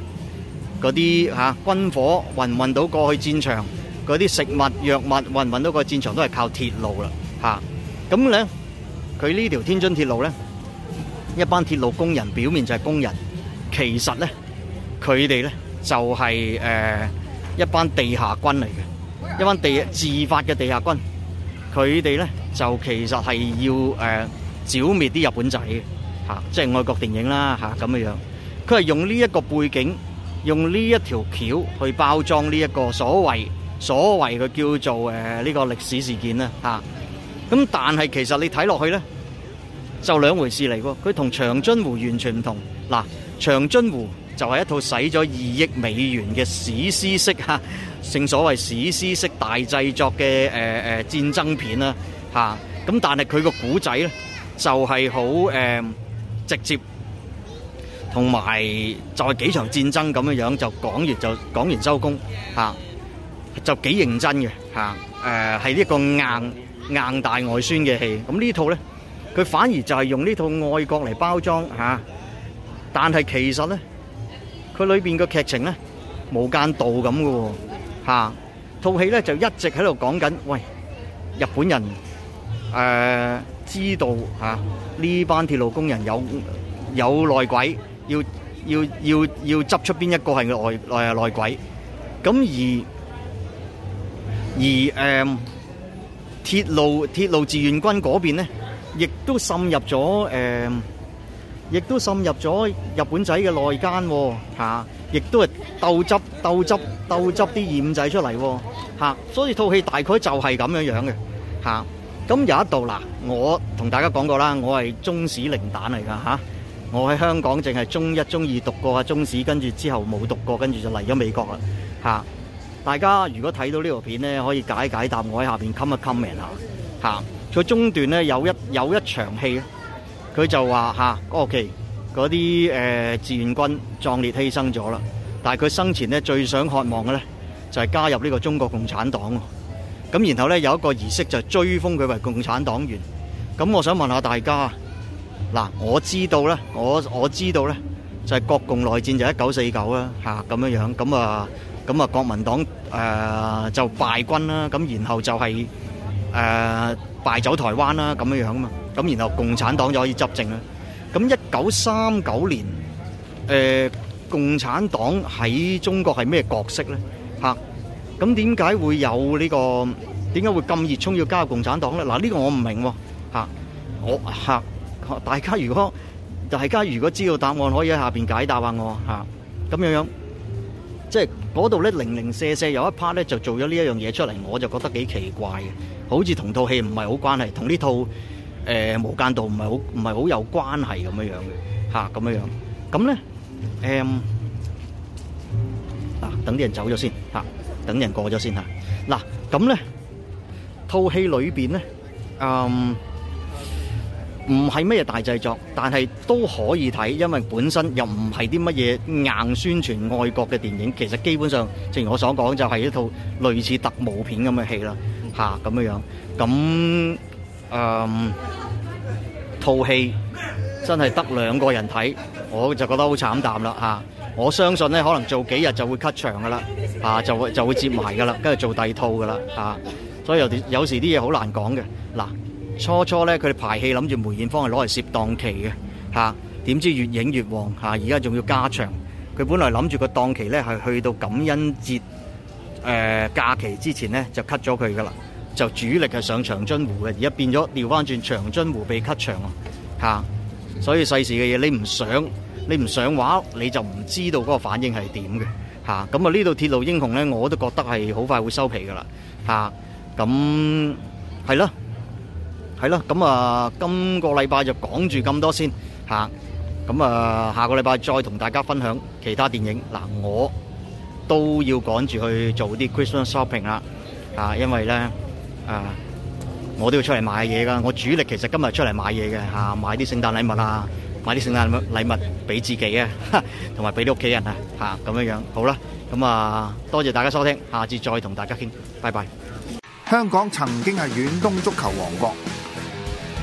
嗰啲吓軍火運唔運到過去戰場，嗰啲食物藥物運唔運到過去戰場都係靠鐵路啦，吓咁咧，佢呢條天津鐵路咧，一班鐵路工人表面就係工人，其實咧佢哋咧就係誒一班地下軍嚟嘅，一班地自發嘅地下軍，佢哋咧就其實係要誒。剿滅啲日本仔嘅嚇，即係外國電影啦嚇咁樣樣，佢係用呢一個背景，用呢一條橋去包裝呢一個所謂所謂嘅叫做誒呢、呃呢個歷史事件啦嚇。咁、啊、但係其實你睇落去咧，就兩回事嚟喎。佢同長津湖完全唔同。嗱、啊，長津湖就係一套使咗二億美元嘅史詩式嚇、啊，正所謂史詩式大製作嘅誒誒戰爭片啦嚇。咁、啊、但係佢個古仔咧。就係好誒，直接同埋就係幾場戰爭咁樣樣，就講完就講完收工吓，就幾認真嘅吓。誒，係呢個硬硬大外宣嘅戲。咁呢套咧，佢反而就係用呢套外國嚟包裝吓，但係其實咧，佢裏邊個劇情咧無間道咁嘅喎吓。套戲咧就一直喺度講緊，喂，日本人誒。知道嚇，呢班鐵路工人有有內鬼，要要要要執出邊一個係內內內鬼？咁而而誒鐵路鐵路志願軍嗰邊咧，亦都滲入咗誒，亦都滲入咗日本仔嘅內奸嚇，亦都係鬥執鬥執鬥執啲二五仔出嚟嚇，所以套戲大概就係咁樣樣嘅嚇。咁有一度喇，我同大家講過啦，我係中史零蛋嚟噶嚇，我喺香港淨係中一、中二讀過啊中史，跟住之後冇讀過，跟住就嚟咗美國啦嚇。大家如果睇到呢條片咧，可以解解答我喺下面 Come comment 下、啊、嚇。佢中段咧有一有一場戲，佢就話吓嗰期嗰啲誒志願軍壯烈犧牲咗啦，但係佢生前咧最想渴望嘅咧就係加入呢個中國共產黨喎。咁然後咧有一個儀式就追封佢為共產黨員。咁我想問下大家，嗱我知道咧，我我知道咧，就係國共內戰就一九四九啦嚇咁樣樣。咁啊咁啊，國民黨誒就敗軍啦。咁然後就係誒敗走台灣啦咁樣樣啊嘛。咁然後共產黨就可以執政啦。咁一九三九年誒共產黨喺中國係咩角色咧？嚇？咁點解會有呢個？點解會咁熱衷要加入共產黨咧？嗱，呢個我唔明喎。嚇，我嚇，大家如果大家如果知道答案，可以喺下邊解答下我嚇咁樣樣。即係嗰度咧零零碎碎有一 part 咧就做咗呢一樣嘢出嚟，我就覺得幾奇怪嘅，好似同套戲唔係好關係，同呢套誒無間道唔係好唔係好有關係咁樣樣嘅嚇咁樣樣。咁咧誒啊，等啲人走咗先嚇。等人過咗先吓，嗱咁呢套戲裏邊呢，嗯，唔係咩大製作，但係都可以睇，因為本身又唔係啲乜嘢硬宣傳愛國嘅電影，其實基本上正如我所講，就係一套類似特務片咁嘅戲啦，吓咁樣樣，咁嗯套戲真係得兩個人睇，我就覺得好慘淡啦，吓。我相信咧，可能做幾日就會 cut 場噶啦，啊，就會就會接埋噶啦，跟住做第二套噶啦，啊，所以有時有時啲嘢好難講嘅。嗱、啊，初初咧佢哋排戲諗住梅艷芳係攞嚟攝檔期嘅，嚇、啊，點知越影越旺，嚇、啊，而家仲要加場。佢本來諗住個檔期咧係去到感恩節誒、呃、假期之前咧就 cut 咗佢噶啦，就主力係上長津湖嘅，而家變咗調翻轉長津湖被 cut 場啊，所以世事嘅嘢你唔想。你唔上畫，你就唔知道嗰個反應係點嘅嚇。咁啊，呢度鐵路英雄呢，我都覺得係好快會收皮噶、啊啊、啦嚇。咁係咯，係咯。咁啊，今個禮拜就講住咁多先嚇。咁啊，啊，下個禮拜再同大家分享其他電影嗱、啊。我都要趕住去做啲 Christmas shopping 啦啊，因為呢，啊，我都要出嚟買嘢噶。我主力其實今日出嚟買嘢嘅嚇，買啲聖誕禮物啦。買啲聖誕禮物俾自己啊，同埋俾啲屋企人啊，吓咁樣樣好啦。咁啊，多謝大家收聽，下次再同大家傾，拜拜。香港曾經係遠東足球王國，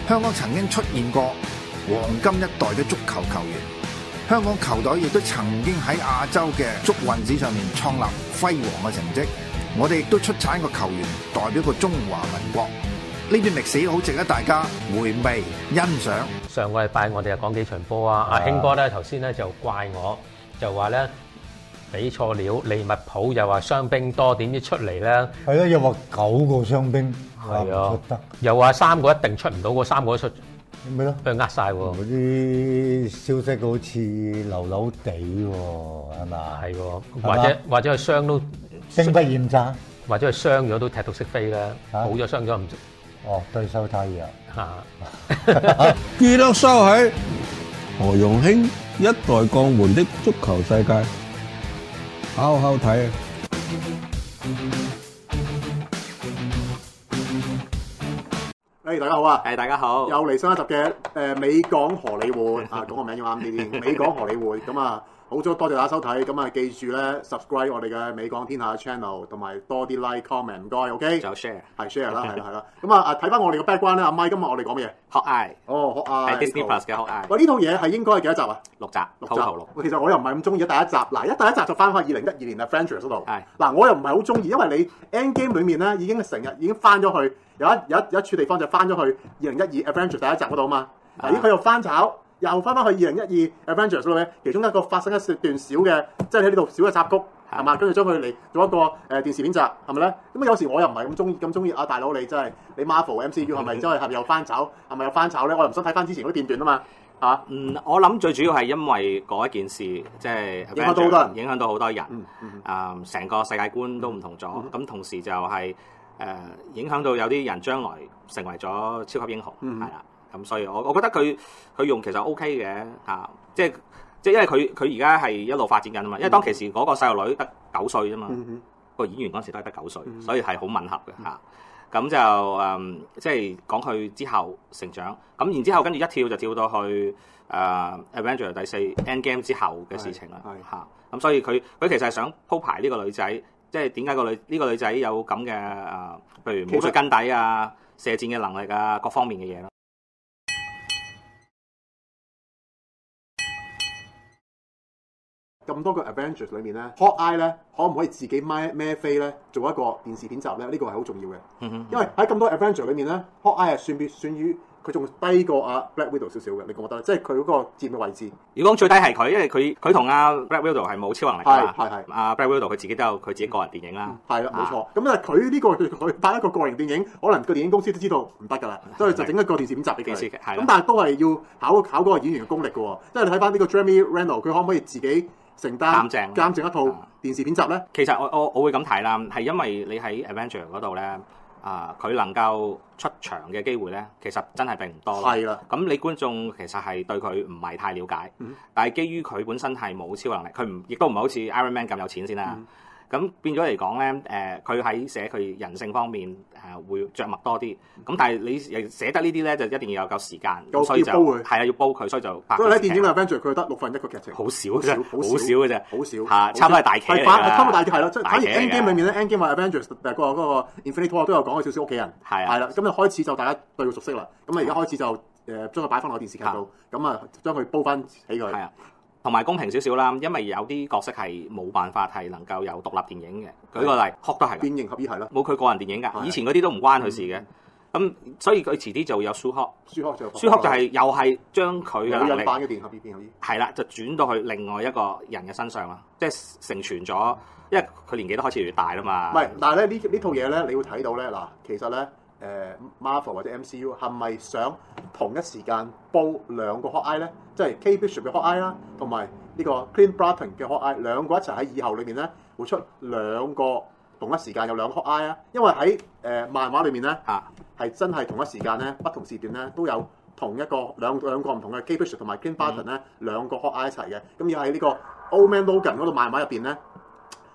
香港曾經出現過黃金一代嘅足球球員，香港球隊亦都曾經喺亞洲嘅足運史上面創立輝煌嘅成績。我哋亦都出產一個球員代表個中華民國，呢段歷史好值得大家回味欣賞。上個禮拜我哋又講幾場波啊！阿興哥咧頭先咧就怪我，就話咧俾錯料利物浦又話傷兵多，點知出嚟咧？係啊，又話九個傷兵，係啊，又話三個一定出唔到，個三個都出咩咯？俾佢呃晒喎！嗰啲消息好似流流地喎，係嘛？係喎，或者或者係傷都兵不厭詐，或者係傷咗都踢到識飛啦，冇咗傷咗唔哦對手太弱。啊記得收喺何容興一代江門的足球世界，好好睇啊！誒，大家好啊！誒，大家好！又嚟上一集嘅誒，美港荷里活啊？講個名要啱啲啲，美港荷里活咁啊！好咗，多謝大家收睇，咁、嗯、啊記住咧，subscribe 我哋嘅美港天下 channel，同埋多啲 like comment，唔該，OK。就 share 係 share 啦，係啦係啦。咁 <laughs> 啊啊睇翻我哋嘅 background 咧，阿 Mike 今日我哋講乜嘢？學 Hawkeye 哦，學啊 Disney Plus 嘅學 Hawkeye。哇，呢套嘢係應該幾多集啊？六集，六集，六。其實我又唔係咁中意第一集。嗱，一第一集就翻開二零一二年嘅 Franchise 嗰度。係嗱，我又唔係好中意，因為你 Endgame 裡面咧已經成日已經翻咗去有一有一有一處地方就翻咗去二零一二 Franchise 第一集嗰度啊嘛。嗱，咦佢又翻炒。又翻翻去二零一二 Avengers 咧，其中一個發生一段小嘅，即係喺呢度小嘅插曲，係嘛？跟住將佢嚟做一個電視片集，係咪咧？咁啊，有時我又唔係咁中意咁中意啊，大佬你真、就、係、是、你 Marvel MCU 係咪真係又翻炒？係咪又翻炒咧？我又唔想睇翻之前嗰啲片段啊嘛，嗯，我諗最主要係因為嗰一件事，即、就、係、是、影響到好多，多人，啊、嗯，成、嗯嗯嗯、個世界觀都唔同咗。咁、嗯、同時就係、是呃、影響到有啲人將來成為咗超級英雄，啦、嗯。咁、嗯、所以我，我我覺得佢佢用其實 O K 嘅吓，即係即係，因為佢佢而家係一路發展緊啊嘛。因為當其時嗰個細路女得九歲啫嘛，嗯、那個演員嗰陣時都係得九歲，所以係好吻合嘅吓，咁、嗯啊、就誒、嗯、即係講佢之後成長，咁然之後跟住一跳就跳到去誒 Avenger》啊嗯 Avenger、第四《End Game》之後嘅事情啦吓，咁、啊、所以佢佢其實係想鋪排呢個女仔，即係點解個女呢個女仔有咁嘅誒譬如武術根底啊，射箭嘅能力啊，各方面嘅嘢咯。咁多個 Avengers 裏面咧，Hawkeye 咧可唔可以自己孭咩飛咧，做一個電視片集咧？呢、這個係好重要嘅，因為喺咁多 Avengers 裏面咧，Hawkeye 係算別算於佢仲低過阿 Black Widow 少少嘅，你覺得即係佢嗰個佔嘅位置。如果最低係佢，因為佢佢同阿 Black Widow 係冇超能力噶嘛，係阿 Black Widow 佢自己都有佢自己個人電影啦，係、嗯、啦，冇錯。咁因啊，佢呢、這個佢拍一個個人電影，可能個電影公司都知道唔得噶啦，所以就整、是、一個電視片集嘅電視劇。咁但係都係要考考嗰個演員功力嘅喎，即、就、係、是、你睇翻呢個 Jeremy Renner，佢可唔可以自己？擔正，擔正一套電視片集咧，其實我我我會咁睇啦，係因為你喺 Avenger 嗰度咧，啊、呃、佢能夠出場嘅機會咧，其實真係並唔多。係啦，咁你觀眾其實係對佢唔係太了解，嗯、但係基於佢本身係冇超能力，佢唔亦都唔係好似 Iron Man 咁有錢先啦。嗯咁變咗嚟講咧，誒佢喺寫佢人性方面誒、啊、會着墨多啲。咁但係你寫得呢啲咧，就一定要有夠時間，所以就要煲佢，係啊，要煲佢，所以就因為咧《電影 Avenger，佢得六分一個劇情，好少嘅啫，好少嘅啫，好少嚇，差唔多係大劇嚟係反差唔大，係咯，即係反而《Endgame》裡面咧，《Endgame》或《Avengers》嗰個《Infinity War》都有講過少少屋企人，係啊，係啦，咁就開始就大家對佢熟悉啦。咁啊，而家開始就誒將佢擺翻落電視劇度，咁啊將佢煲翻起佢。同埋公平少少啦，因為有啲角色係冇辦法係能夠有獨立電影嘅。舉個例，殼都係變形俠醫係啦，冇佢個人電影㗎。以前嗰啲都唔關佢事嘅。咁所以佢遲啲就有 She-Hulk，She-Hulk 就 She-Hulk 就係又係將佢嘅能力變形俠醫變形俠醫係啦，就轉到去另外一個人嘅身上啦，即係成全咗，因為佢年紀都開始越大啦嘛。唔係，但係咧呢套呢套嘢咧，你會睇到咧嗱，其實咧。誒、uh, Marvel 或者 MCU 係咪想同一時間播兩個 Hawkeye 咧？即係 Kate Bishop 嘅 Hawkeye 啦，同埋呢個 Clint Barton 嘅 Hawkeye 兩個一齊喺以後裏面咧，會出兩個，同一時間有兩個 Hawkeye 啊！因為喺誒、呃、漫畫裏面咧嚇係真係同一時間咧，不同時段咧都有同一個兩兩個唔同嘅 Kate Bishop 同埋 Clint Barton 咧、嗯、兩個 Hawkeye 一齊嘅。咁要喺呢個 Old Man Logan 嗰個漫畫入邊咧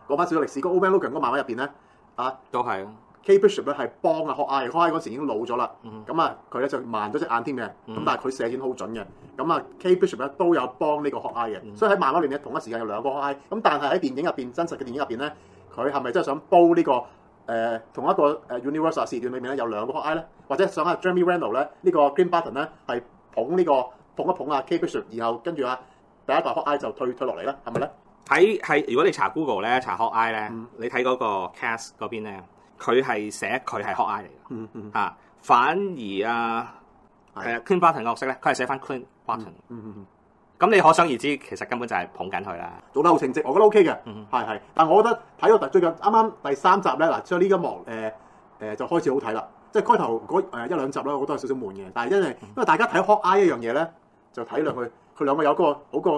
講翻少少歷史，個 Old Man Logan 嗰漫畫入邊咧啊都係啊！K bishop 咧係幫啊，學 I 開嗰時已經老咗啦。咁、嗯、啊，佢咧就盲咗隻眼添嘅。咁、嗯、但係佢射箭好準嘅。咁啊，K bishop 咧都有幫呢個學 I 嘅、嗯。所以喺漫畫入面咧、這個呃，同一時間有兩個學 I。咁但係喺電影入邊，真實嘅電影入邊咧，佢係咪真係想煲呢個誒同一個誒 universal 時段裏面咧有兩個學 I 咧？或者想阿 Jeremy Renner 咧呢、這個 Green Button 咧係捧呢、這個捧一捧啊 K bishop，然後跟住啊第一個學 I 就退退落嚟啦，係咪咧？喺係如果你查 Google 咧，查學 I 咧、嗯，你睇嗰個 cast 嗰邊咧。佢係寫佢係 Hawkeye 嚟嘅、嗯嗯，反而啊，係啊，Clint Barton 嘅角色咧，佢係寫翻 Clint Barton。咁、嗯嗯嗯嗯、你可想而知，其實根本就係捧緊佢啦。做得好，成績我覺得 OK 嘅，係、嗯、係。但係我覺得睇個最近啱啱第三集咧，嗱，將呢一幕誒誒就開始好睇啦。即係開頭嗰一兩集咧，我覺得係少少悶嘅。但係因為因為大家睇 Hawkeye 一樣嘢咧，就睇落去，佢、嗯、兩個有個好個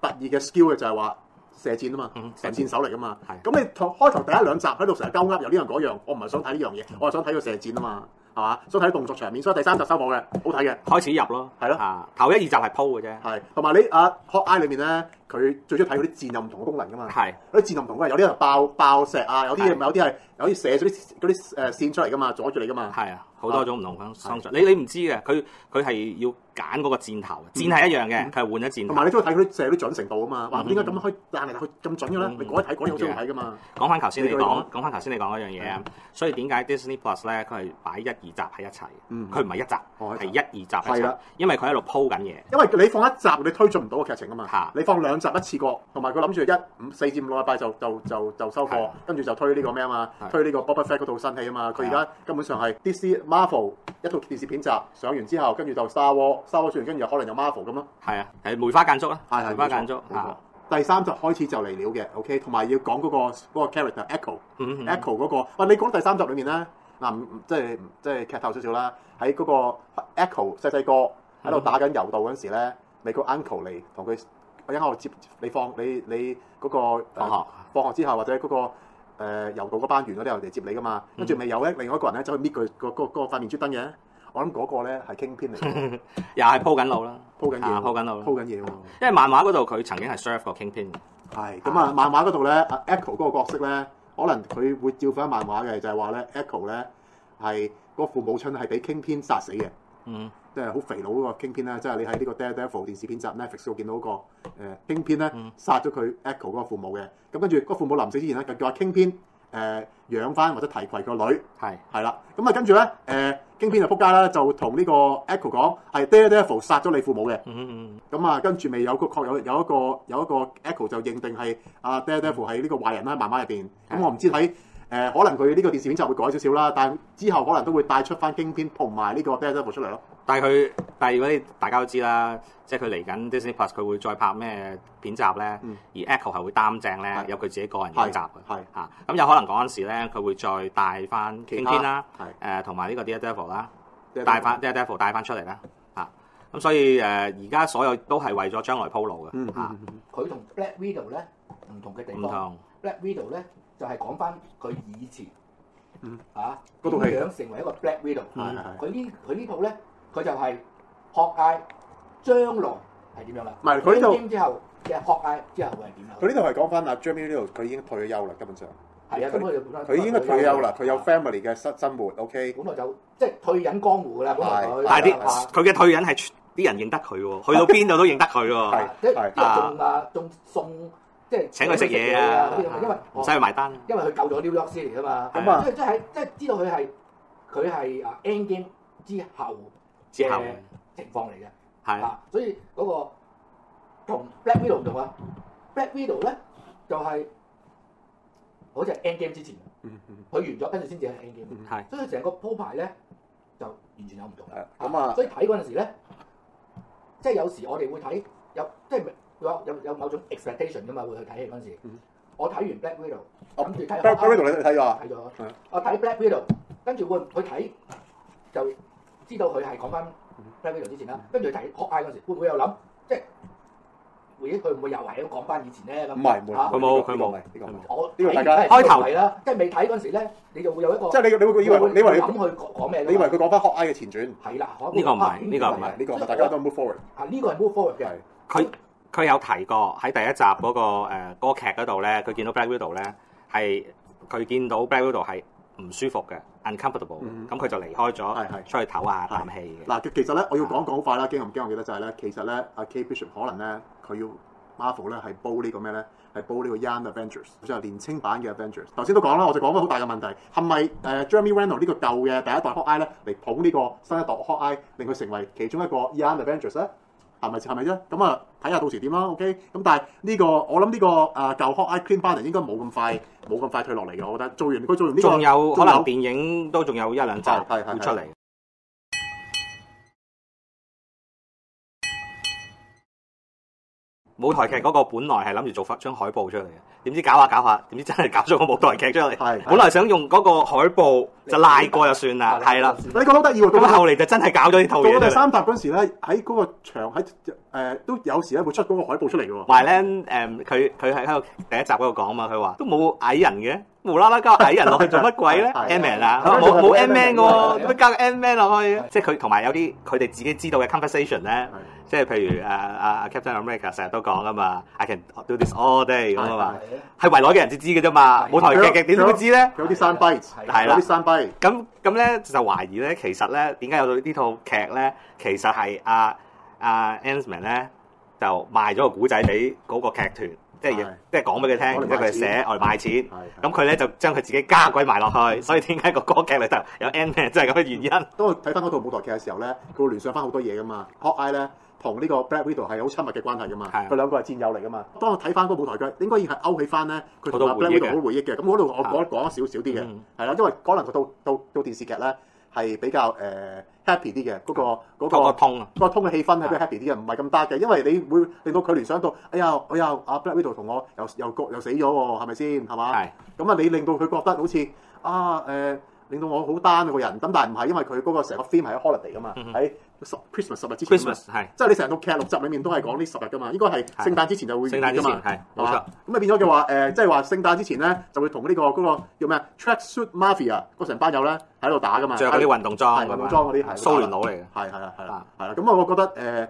特別嘅 skill 嘅，就係話。射箭啊嘛，神、嗯、箭手嚟噶嘛。咁你開頭第一兩集喺度成日鳩噏，有呢樣嗰樣，我唔係想睇呢樣嘢，我係想睇個射箭啊嘛，係嘛？想睇動作場面，所以第三集收網嘅，好睇嘅。開始入咯，係咯、啊，頭一二集係鋪嘅啫。係，同埋你啊 Hawkeye 裏面咧，佢最中意睇嗰啲箭有唔同嘅功能噶嘛。係，啲箭有唔同嘅有啲係爆爆石啊，有啲係，有啲係，有可以射咗啲啲誒線出嚟噶嘛，阻住你噶嘛。係啊。好多種唔同商場、啊，你你唔知嘅，佢佢係要揀嗰個箭頭，嗯、箭係一樣嘅，佢係換一箭頭。同埋你都要睇嗰啲射啲準程度啊嘛，話點解咁可以彈嚟？去咁準嘅咧？你改睇嗰啲有啲睇噶嘛。講翻頭先你講，講翻頭先你講嗰樣嘢啊，所以點解 Disney Plus 咧，佢係擺一二集喺一齊，佢唔係一集，係一二集一。係啦，因為佢喺度鋪緊嘢。因為你放一集，你推進唔到個劇情啊嘛。嚇！你放兩集一次過，同埋佢諗住一五四至五個禮拜就就就就收貨，跟住就推呢個咩啊嘛，推呢個《Boba Fett》嗰套新戲啊嘛，佢而家根本上係 DC Marvel 一套電視片集上完之後，跟住就沙窩，沙窩上完跟住可能有 Marvel 咁咯。係啊，係梅花間竹啦。係梅花間竹。第三集開始就嚟了嘅，OK、那個。同埋要講嗰個 character Echo，Echo 嗰、嗯嗯嗯 Echo 那個。喂、啊，你講第三集裡面啦，嗱、啊，即係即係劇透少少啦。喺嗰個 Echo 細細個喺度打緊柔道嗰陣時咧、嗯嗯，美國 Uncle 嚟同佢一喺度接你放你你、那、嗰個放學、啊，放學之後或者嗰、那個。誒遊渡嗰班員嗰啲人嚟接你㗎嘛，跟住咪有咧另一個人咧走去搣佢、那個塊面出燈嘅，我諗嗰個咧係 k i 嚟嘅，又係 <laughs> 鋪緊路啦，鋪緊嘢，鋪緊路，嘢因為漫畫嗰度佢曾經係 serve i n 係。咁啊，漫畫嗰度咧，阿、啊、Echo 嗰個角色咧，可能佢會照翻漫畫嘅，就係話咧 Echo 咧係個父母親係俾 k i 殺死嘅。嗯，即係好肥佬嗰個 Kingpin 啦，即係你喺呢個《Daredevil》電視片集 Netflix 度，嗯、見到個 Kingpin 咧，殺咗佢 Echo 嗰個父母嘅。咁跟住個父母臨死之前咧，就叫阿 Kingpin 養翻或者提攜佢個女。係係啦。咁啊，跟住咧誒 Kingpin 就撲街啦，就同呢個 Echo 講係《Daredevil》殺咗你父母嘅。嗯嗯。咁、嗯、啊，跟住咪有個確有有一個有一個 Echo 就認定係啊、嗯《Daredevil》係呢個壞人啦，媽媽入邊。咁我唔知喺。是誒、呃、可能佢呢個電視片就會改少少啦，但係之後可能都會帶出翻 Kingpin 同埋呢個《Daredevil》出嚟咯。但係佢，但係如果你大家都知啦，即係佢嚟緊 Disney Plus，佢會再拍咩片集咧？嗯、而 Echo 係會擔正咧，有佢自己個人嘅集嘅。係嚇，咁有可能嗰陣時咧，佢會再帶翻 Kingpin 啦，誒同埋呢個《Daredevil》啦，帶翻《Daredevil》帶翻出嚟啦。嚇，咁所以誒，而家所有都係為咗將來鋪路嘅。嚇佢同《Black Widow》咧唔同嘅地方。唔同《Black Widow》咧。就係講翻佢以前，嗯、啊，點樣成為一個 Black Widow？係、嗯、佢、嗯、呢佢呢套咧，佢就係學藝將來係點樣啦。唔係佢呢度之後嘅、就係、學藝之後係點啊？佢呢度係講翻阿 Jamie 呢度佢已經退咗休啦，根本上係啊，咁佢佢已經都退休啦，佢有 family 嘅生生活。OK，本來就即係退隱江湖㗎啦。係，但係啲佢嘅退隱係啲人認得佢喎，去到邊度都認得佢喎。係即係仲啊仲、呢個啊、送。即係請佢食嘢啊！因為唔使佢埋單，因為佢救咗 New York City 嚟噶嘛。咁啊，即係即係即係知道佢係佢係啊 Endgame 之後嘅情況嚟嘅。係啊，所以嗰個同 Black Widow 唔同啊。Black Widow 咧就係、是、好似係 Endgame 之前，佢完咗跟住先至係 Endgame。係，所以成個鋪排咧就完全有唔同。係咁啊，所以睇嗰陣時咧，即、就、係、是、有時我哋會睇有即係。就是有有有某種 expectation 㗎嘛，會去睇戲嗰陣時，嗯。我睇完 Black Widow，諗住睇。Black,、yeah. Black Widow 睇咗睇咗。我睇 Black Widow 跟住換佢睇，就知道佢係講翻 Black Widow 之前啦。Mm-hmm. 跟住睇《Hawkeye》嗰陣時，會唔會有諗，即係回憶佢唔會又係講翻以前咧咁？唔係，佢、啊、冇，佢冇。呢、這個、這個這個這個這個、我呢、這個大家開頭係啦，即係未睇嗰陣時咧，你就會有一個。即係你會會你會以為你以為諗佢講咩？你以為佢講翻《Hawkeye》嘅前傳？係啦，呢個唔係，呢個唔係，呢個大家都 move forward。啊、呢、這個係、這個這個、move forward 嘅、啊。佢、這個。佢有提過喺第一集嗰，那個，呃、歌個劇嗰度咧，佢見到 Black Widow 咧，係佢見到 Black Widow 係唔舒服嘅 uncomfortable，咁佢，mm-hmm. 就離開咗，是是是出去唞下啖氣嘅。嗱，其實咧我要講講好快啦，驚唔驚？我記得就係咧，其實咧阿 K Bishop 可能咧佢要 Marvel 咧係煲個呢個咩咧係煲呢個 Young Avengers，就係年青版嘅 Avengers。頭先都講啦，我就講咗好大嘅問題係咪誒 Jeremy Renner 呢個舊嘅第一代 Hawkeye 咧嚟捧呢個新一代 Hawkeye，令佢成為其中一個 Young Avengers 咧係咪係咪咧咁啊？睇下到時點啦，OK？咁但係、這、呢個我諗呢個誒舊《Hot Iron Man》應該冇咁快冇咁 <laughs> 快退落嚟嘅，我覺得做完做完呢、這個，仲有可能電影都仲有一兩集會出嚟。舞台劇嗰個本來係諗住做返張海報出嚟嘅，點知搞下、啊、搞下、啊啊，點知真係搞咗個舞台劇出嚟。係，本來想用嗰個海報就拉過就算啦。係啦，你覺得好得意喎。咁、那個、後嚟就真係搞咗呢套嘢。到第三集嗰陣時咧，喺嗰個場喺。誒都有時咧會出嗰個海報出嚟嘅喎，埋咧誒佢佢喺喺度第一集嗰度講啊嘛，佢話都冇矮人嘅，無啦啦加個矮人落去做乜鬼咧 <laughs> ？Man 啊了，冇冇 Man 嘅喎，點 <laughs> 解 andman 的 <laughs> 加個 Man m 落去？即係佢同埋有啲佢哋自己知道嘅 conversation 咧，即係譬如誒誒、啊 uh, Captain America 成日都講啊嘛 <laughs> ，I can do this all day 咁啊，是啊嘛，係圍內嘅人先知嘅啫嘛，舞 <laughs> 台劇嘅點會知咧？有啲 sound bite 係啦，有啲 sound bite。咁咁咧就懷疑咧，其實咧點解有到呢套劇咧？其實係啊。阿 Antman 咧就賣咗個古仔俾嗰個劇團，即係即係講俾佢聽，即係佢哋寫，我哋賣錢。咁佢咧就將佢自己加鬼埋落去，所以點解個歌劇裏頭有 Antman，即係咁嘅原因。當我睇翻嗰套舞台劇嘅時候咧，佢會聯想翻好多嘢噶嘛。Hawkeye 咧同呢個 Black Widow 係好親密嘅關係噶嘛，佢兩個係戰友嚟噶嘛。當我睇翻嗰個舞台劇，應該要係勾起翻咧，佢同 Black Widow 好回憶嘅。咁嗰度我講講少少啲嘅，係、嗯、啦，因為可能佢到到到，到電視劇咧係比較誒。呃 happy 啲嘅，嗰、那個嗰、那個嗰、那個通嘅氣氛係比較 happy 啲嘅，唔係咁 dark 嘅，因為你會令到佢聯想到，哎呀，哎呀，阿 Black Widow 同我又又個又死咗喎，係咪先？係嘛？係。咁啊，你令到佢覺得好似啊，誒、呃，令到我好 down 嘅個人，咁但係唔係，因為佢嗰個成個 theme 係 holiday 噶嘛，喺、嗯。Christmas 十日之前，Christmas 係，即係你成套劇六集裏面都係講呢十日噶嘛，應該係聖誕之前就會定嘅嘛。聖誕之前係冇錯。咁啊變咗嘅話，誒即係話聖誕之前咧，就會同呢、這個嗰、那個叫咩，Tracksuit Mafia 嗰成班友咧喺度打噶嘛。著嗰啲運動裝，的運動裝嗰啲蘇聯佬嚟嘅。係係啦係啦係啦。咁我覺得誒、呃、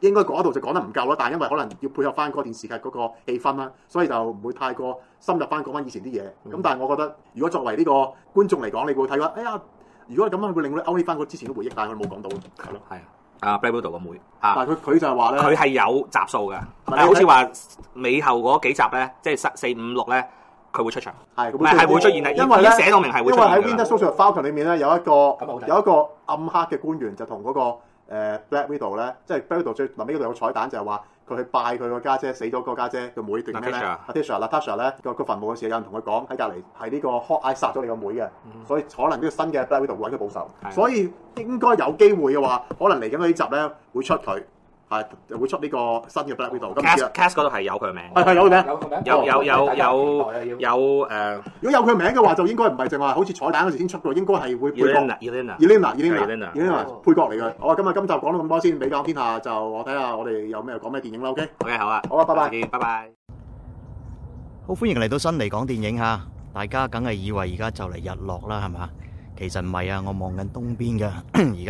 應該嗰度就講得唔夠啦，但係因為可能要配合翻嗰電視劇嗰個氣氛啦，所以就唔會太過深入翻講翻以前啲嘢。咁、嗯、但係我覺得，如果作為呢個觀眾嚟講，你會睇翻，哎呀～如果係咁樣，會令你 Only 翻個之前啲回憶，但係佢冇講到。係啊，Black Widow 個妹，妹。但佢就係話呢，佢係有集數㗎。但係好似話尾後嗰幾集呢，即係四,四五六呢，佢會出場。係，唔係係會出現啊？因為咧，寫到明係會出現。因為喺 Winter Soldier Falcon 裏面咧有一個、嗯、有一個暗黑嘅官員就同嗰、那個、呃、Black Widow 呢，即係 Black Widow 最後尾嗰兩個彩蛋就係話。佢去拜佢個家姐，死咗個家姐，佢妹定咩咧 Natasha，Natasha 咧個個墳墓嘅時候，有人同佢講喺隔離係呢個 Hawkeye 殺咗你個妹嘅、嗯，所以可能呢個新嘅 Black Widow 會揾佢報仇，所以應該有機會嘅話，可能嚟緊嗰啲集咧會出佢。嗯。係，就會出呢個新嘅《Black Widow》。咁 cast cast 嗰度係有佢嘅名。係係有嘅名。有名。有有有有有誒、呃。如果有佢嘅名嘅話，就應該唔係淨係好似彩蛋嗰時先出嘅，應該係會配角。Elena，Elena，Elena，Elena，配角嚟嘅。好啊，今日今集講到咁多先，美講天下就我睇下我哋有咩講咩電影啦。OK，OK，好啊，好啊，拜拜見，拜拜。拜拜拜拜。好，歡迎嚟到辛尼講電影吓，大家梗係以為而家就嚟日落啦，係嘛？其實唔係啊，我望緊東邊㗎，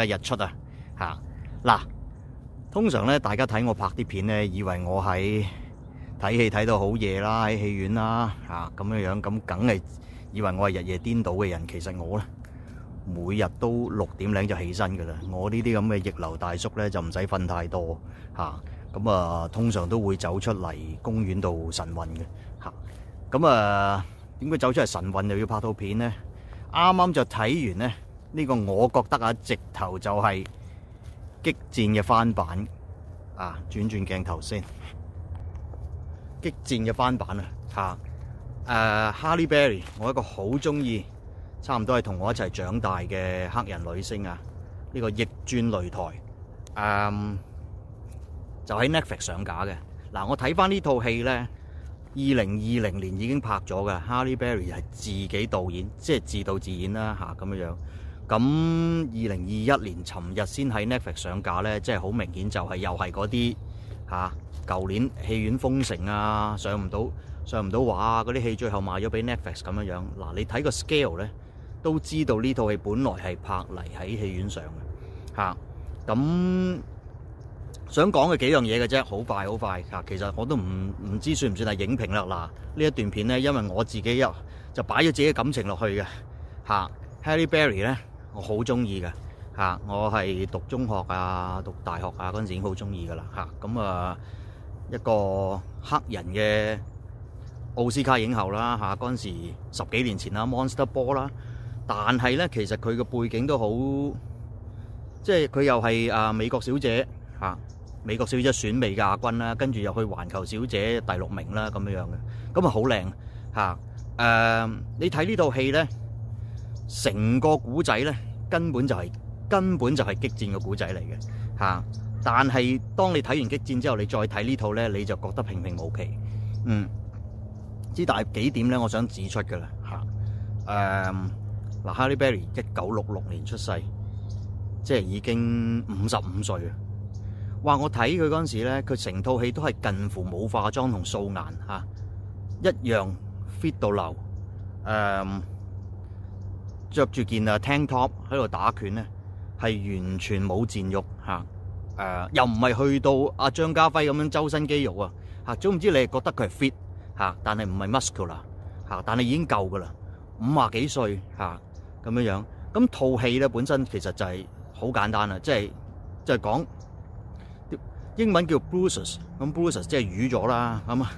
而家日出啊，吓嗱。通常咧，大家睇我拍啲片咧，以為我喺睇戲睇到好夜啦，喺戲院啦，咁樣樣，咁梗係以為我係日夜顛倒嘅人。其實我咧，每日都六點零就起身噶啦。我呢啲咁嘅逆流大叔咧，就唔使瞓太多吓。咁啊，啊，通常都會走出嚟公園度晨運嘅吓。咁啊，點解走出嚟晨運又要拍套片咧？啱啱就睇完咧，呢個我覺得啊，直頭就係。激戰嘅翻版啊！轉轉鏡頭先，激戰嘅翻版啊，啊！哈誒 Halle Berry，我一個好鍾意，差唔多係同我一齊長大嘅黑人女星啊！呢、這個逆轉擂台，嗯、啊，就喺 Netflix 上架嘅。嗱、啊，我睇翻呢套戲咧，二零二零年已經拍咗嘅，Halle Berry 係自己導演，即係自導自演啦、啊、吓，咁、啊、樣。咁二零二一年尋日先喺 Netflix 上架咧，即係好明顯就係又係嗰啲嚇舊年戲院封城啊，上唔到上唔到畫嗰啲戲，最後賣咗俾 Netflix 咁樣樣。嗱、啊，你睇個 scale 咧，都知道呢套戲本來係拍嚟喺戲院上嘅嚇。咁、啊、想講嘅幾樣嘢嘅啫，好快好快、啊、其實我都唔唔知算唔算係影評啦。嗱、啊，呢一段片咧，因為我自己又就擺咗自己嘅感情落去嘅嚇。啊、Halle Berry 咧。我好中意嘅，吓我係讀中學啊、讀大學啊嗰陣時已經好中意噶啦，吓咁啊一個黑人嘅奧斯卡影后啦，吓嗰陣時十幾年前啦，Monster Ball 啦，但係咧，其實佢嘅背景都好，即係佢又係啊美國小姐吓，美國小姐選美亞軍啦，跟住又去環球小姐第六名啦咁樣樣嘅，咁啊好靚吓，誒你睇呢套戲咧，成個古仔咧。根本就係，根本就係激戰嘅古仔嚟嘅嚇，但係當你睇完激戰之後，你再睇呢套咧，你就覺得平平無奇。嗯，之但係幾點咧，我想指出嘅啦嚇，誒嗱，Halle Berry 一九六六年出世，即係已經五十五歲啦。哇！我睇佢嗰陣時咧，佢成套戲都係近乎冇化妝同素顏嚇，一樣 fit 到流誒。着住件啊 tank top 喺度打拳咧，係完全冇腱肉嚇、啊，又唔係去到阿張家輝咁樣周身肌肉啊嚇，總唔知你係覺得佢係 fit 嚇、啊，但係唔係 muscular 啦、啊、嚇，但係已經夠噶啦，五啊幾歲嚇咁樣樣，咁套戲咧本身其實就係好簡單啦，即係即係講英文叫 Bruised 咁 Bruised 即係瘀咗啦，咁啊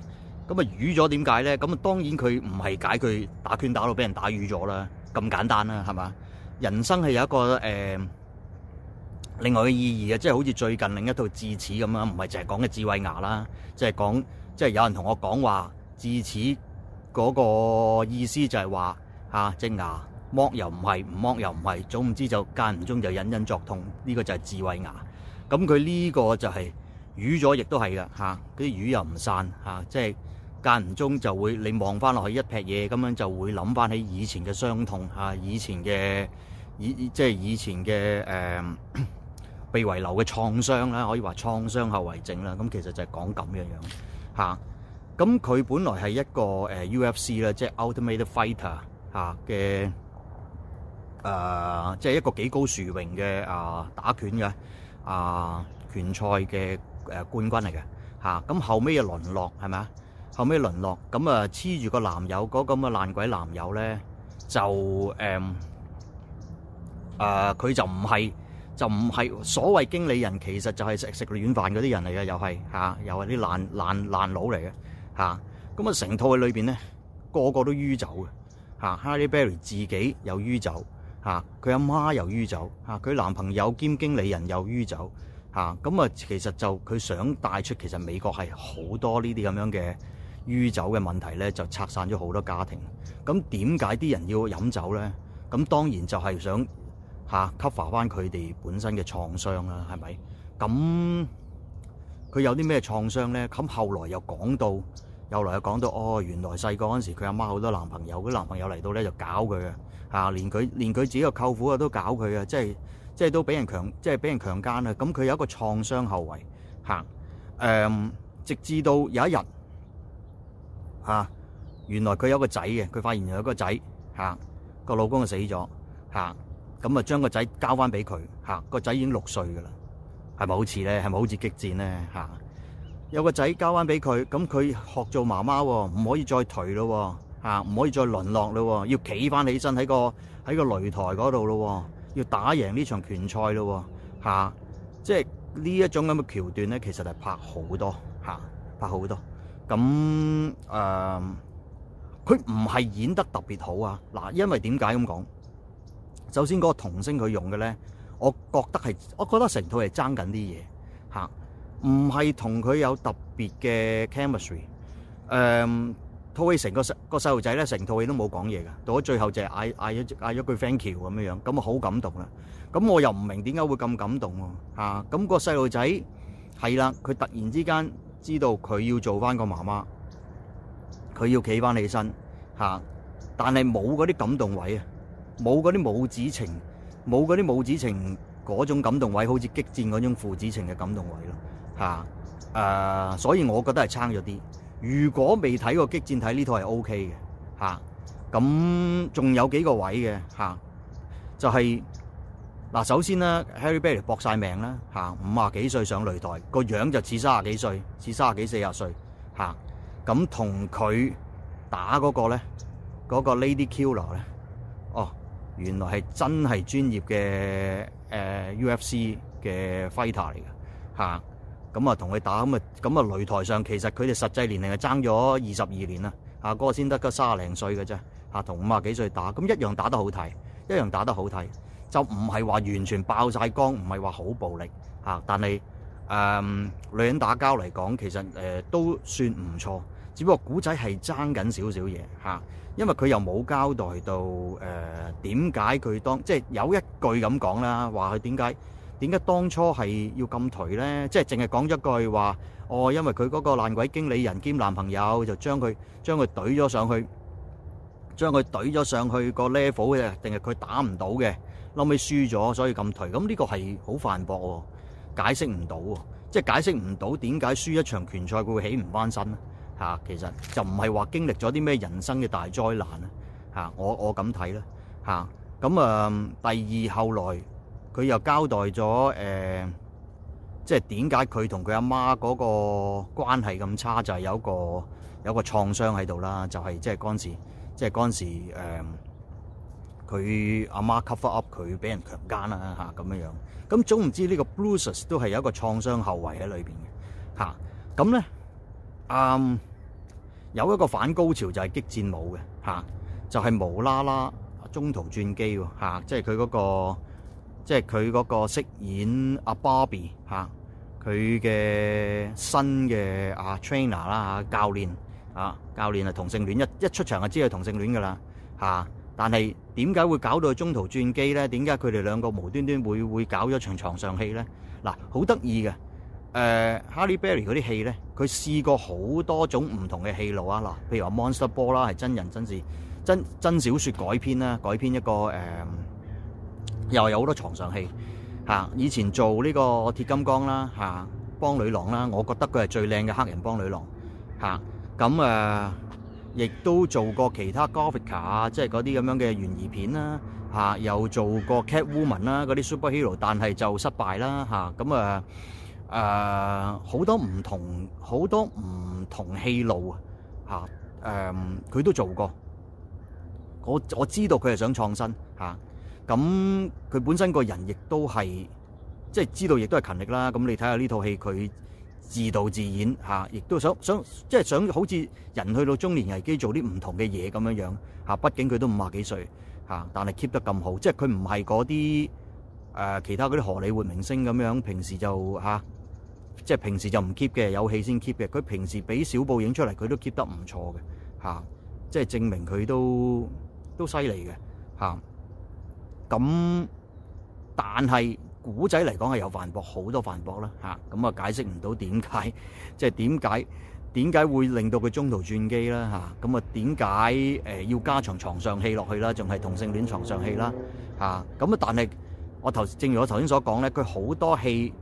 咁啊瘀咗點解咧？咁啊當然佢唔係解佢打拳打到俾人打瘀咗啦。咁簡單啦，係嘛？人生係有一個誒、呃，另外嘅意義嘅，即係好似最近另一套智齒咁啦，唔係淨係講嘅智慧牙啦，即係講即係有人同我講話智齒嗰個意思就係話嚇隻牙剝又唔係，唔剝又唔係，總唔知就間唔中就隱隱作痛，呢、這個就係智慧牙。咁佢呢個就係、是、瘀咗，亦都係嘅嚇，啲瘀又唔散嚇、啊，即係。間唔中就會你望翻落去一撇嘢，咁樣就會諗翻起以前嘅傷痛嚇，以前嘅以即係以前嘅誒被遺留嘅創傷啦，可以話創傷後遺症啦。咁其實就係講咁樣樣嚇。咁佢本來係一個 UFC 啦、呃，即係 Ultimate Fighter 嚇嘅誒，即係一個幾高殊榮嘅啊打拳嘅啊拳賽嘅誒冠軍嚟嘅嚇。咁後尾嘅淪落係咪啊？後尾淪落咁啊，黐住個男友嗰咁嘅爛鬼男友咧，就誒，誒、嗯，佢、呃、就唔係，就唔係所謂經理人，其實就係食食軟飯嗰啲人嚟嘅，又係吓，又係啲爛爛爛佬嚟嘅吓。咁啊，成套嘅裏邊咧，個個都酗酒嘅吓，Halle Berry 自己又酗酒吓，佢阿媽又酗酒吓，佢男朋友兼經理人又酗酒吓。咁啊，其實就佢想帶出，其實美國係好多呢啲咁樣嘅。酗酒嘅問題咧，就拆散咗好多家庭。咁點解啲人要飲酒咧？咁當然就係想嚇 cover 翻佢哋本身嘅創傷啦，係咪？咁佢有啲咩創傷咧？咁後來又講到，後來又講到，哦，原來細個嗰陣時，佢阿媽好多男朋友，佢男朋友嚟到咧就搞佢嘅嚇，連佢連佢自己個舅父啊都搞佢嘅，即係即係都俾人強，即係俾人強姦啊。咁佢有一個創傷後遺嚇，誒、嗯，直至到有一日。吓，原來佢有個仔嘅，佢發現有個仔，吓個老公就死咗，吓咁啊將個仔交翻俾佢，吓個仔已經六歲噶啦，係咪好似咧？係咪好似激戰咧？吓，有個仔交翻俾佢，咁佢學做媽媽，唔可以再頹咯，吓唔可以再淪落咯，要企翻起身喺個喺個擂台嗰度咯，要打贏呢場拳賽咯，吓即係呢一種咁嘅橋段咧，其實係拍好多吓，拍好多。咁誒，佢唔係演得特別好啊！嗱，因為點解咁講？首先嗰個童星佢用嘅咧，我覺得係，我覺得成套係爭緊啲嘢嚇，唔係同佢有特別嘅 chemistry、啊。誒，套戲成個細路仔咧，成套戲都冇講嘢嘅，到咗最後就係嗌嗌咗嗌咗句 thank you 橋咁樣樣，咁啊好感動啦！咁我又唔明點解會咁感動喎、啊、咁、啊嗰個細路仔係啦，佢突然之間。知道佢要做翻個媽媽，佢要企翻起身吓，但係冇嗰啲感動位啊，冇嗰啲母子情，冇嗰啲母子情嗰種感動位，好似激戰嗰種父子情嘅感動位咯吓誒，所以我覺得係差咗啲。如果未睇過激戰，睇呢套係 O K 嘅吓，咁、啊、仲有幾個位嘅吓、啊，就係、是。嗱，首先咧，Halle Berry 搏晒命啦，行五啊幾歲上擂台，個樣就似卅幾歲，似卅幾四十歲，嚇咁同佢打嗰、那個咧，嗰、那個 Lady Killer 咧，哦，原來係真係專業嘅誒 UFC 嘅 fighter 嚟嘅嚇，咁啊同佢打咁啊咁啊擂台上其實佢哋實際年齡係爭咗二十二年啦，阿哥先得嘅卅零歲嘅啫，嚇同五啊幾歲打，咁一樣打得好睇，一樣打得好睇。就唔係話完全爆晒光，唔係話好暴力嚇、啊。但係誒、呃，女人打交嚟講，其實誒、呃、都算唔錯。只不過古仔係爭緊少少嘢嚇，因為佢又冇交代到誒點解佢當即係有一句咁講啦，話佢點解點解當初係要咁頹咧？即係淨係講一句話，哦，因為佢嗰個爛鬼經理人兼男朋友就將佢將佢懟咗上去，將佢懟咗上去個 level 嘅，定係佢打唔到嘅。後屘輸咗，所以咁頹，咁呢個係好犯駁，解釋唔到喎，即係解釋唔到點解輸一場拳賽會起唔返身嚇，其實就唔係話經歷咗啲咩人生嘅大災難嚇，我我咁睇咧嚇。咁啊，第二後來佢又交代咗誒，即係點解佢同佢阿媽嗰個關係咁差，就係、是、有個有個創傷喺度啦，就係即係嗰陣時，即係嗰陣時、呃佢阿媽 cover up 佢俾人強姦啦嚇，咁樣樣，咁總唔知呢個 Bruce 都係有一個創傷後遺喺裏邊嘅嚇，咁咧，嗯，有一個反高潮就係激戰舞嘅吓就係、是、無啦啦中途轉機喎，即係佢嗰個，即係佢嗰個飾演阿 Barbie 吓佢嘅新嘅阿 Trainer 啦嚇，教練嚇，教練係同性戀，一一出場就知係同性戀噶啦吓。但係點解會搞到中途轉機咧？點解佢哋兩個無端端會會搞咗場床上戲咧？嗱、啊，好得意嘅，誒、呃，哈利貝利嗰啲戲咧，佢試過好多種唔同嘅戲路啊！嗱，譬如話《Monster Ball》啦，係真人真事，真真小說改編啦，改編一個誒、呃，又有好多床上戲嚇、啊。以前做呢個鐵金剛啦嚇、啊，邦女郎啦，我覺得佢係最靚嘅黑人邦女郎嚇。咁、啊、誒。啊啊亦都做過其他 Gothika 啊，即係嗰啲咁樣嘅懸疑片啦，又、啊、做過 Catwoman 啦，嗰啲 Superhero，但係就失敗啦，咁啊好、啊、多唔同好多唔同戲路啊，佢、啊、都做過，我我知道佢係想創新，咁佢、啊啊、本身個人亦都係即係知道，亦都係勤力啦，咁你睇下呢套戲佢。自導自演嚇，亦都想想即係想好似人去到中年危機做啲唔同嘅嘢咁樣樣嚇。畢竟佢都五十幾歲嚇，但係 keep 得咁好，即係佢唔係嗰啲誒其他嗰啲荷里活明星咁樣，平時就嚇、啊、即係平時就唔 keep 嘅，有戲先 keep 嘅。佢平時俾小報影出嚟，佢都 keep 得唔錯嘅嚇、啊，即係證明佢都都犀利嘅嚇。咁、啊、但係。古仔嚟講係有繁駁，好多繁駁啦嚇，咁啊解釋唔到點解，即係點解點解會令到佢中途轉機啦嚇，咁啊點解誒要加長床上戲落去啦，仲係同性戀床上戲啦嚇，咁啊但係我頭正如我頭先所講咧，佢好多戲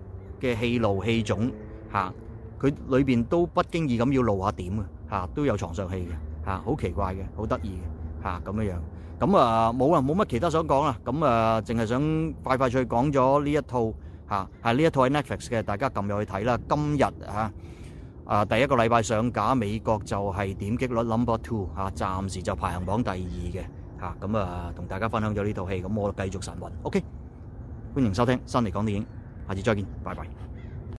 嘅戲路戲種嚇，佢裏邊都不經意咁要露下點嘅嚇、啊，都有床上戲嘅嚇，好、啊、奇怪嘅，好得意嘅嚇咁樣樣。咁啊，冇啊，冇乜其他想講啦。咁啊，淨係想快快脆講咗呢一套嚇，係呢一套喺 Netflix 嘅，大家撳入去睇啦。今日啊，第一個禮拜上架，美國就係點擊率 number two 嚇，暫時就排行榜第二嘅嚇。咁啊，同大家分享咗呢套戲，咁我繼續神魂。OK，歡迎收聽辛尼講電影，下次再見，拜拜。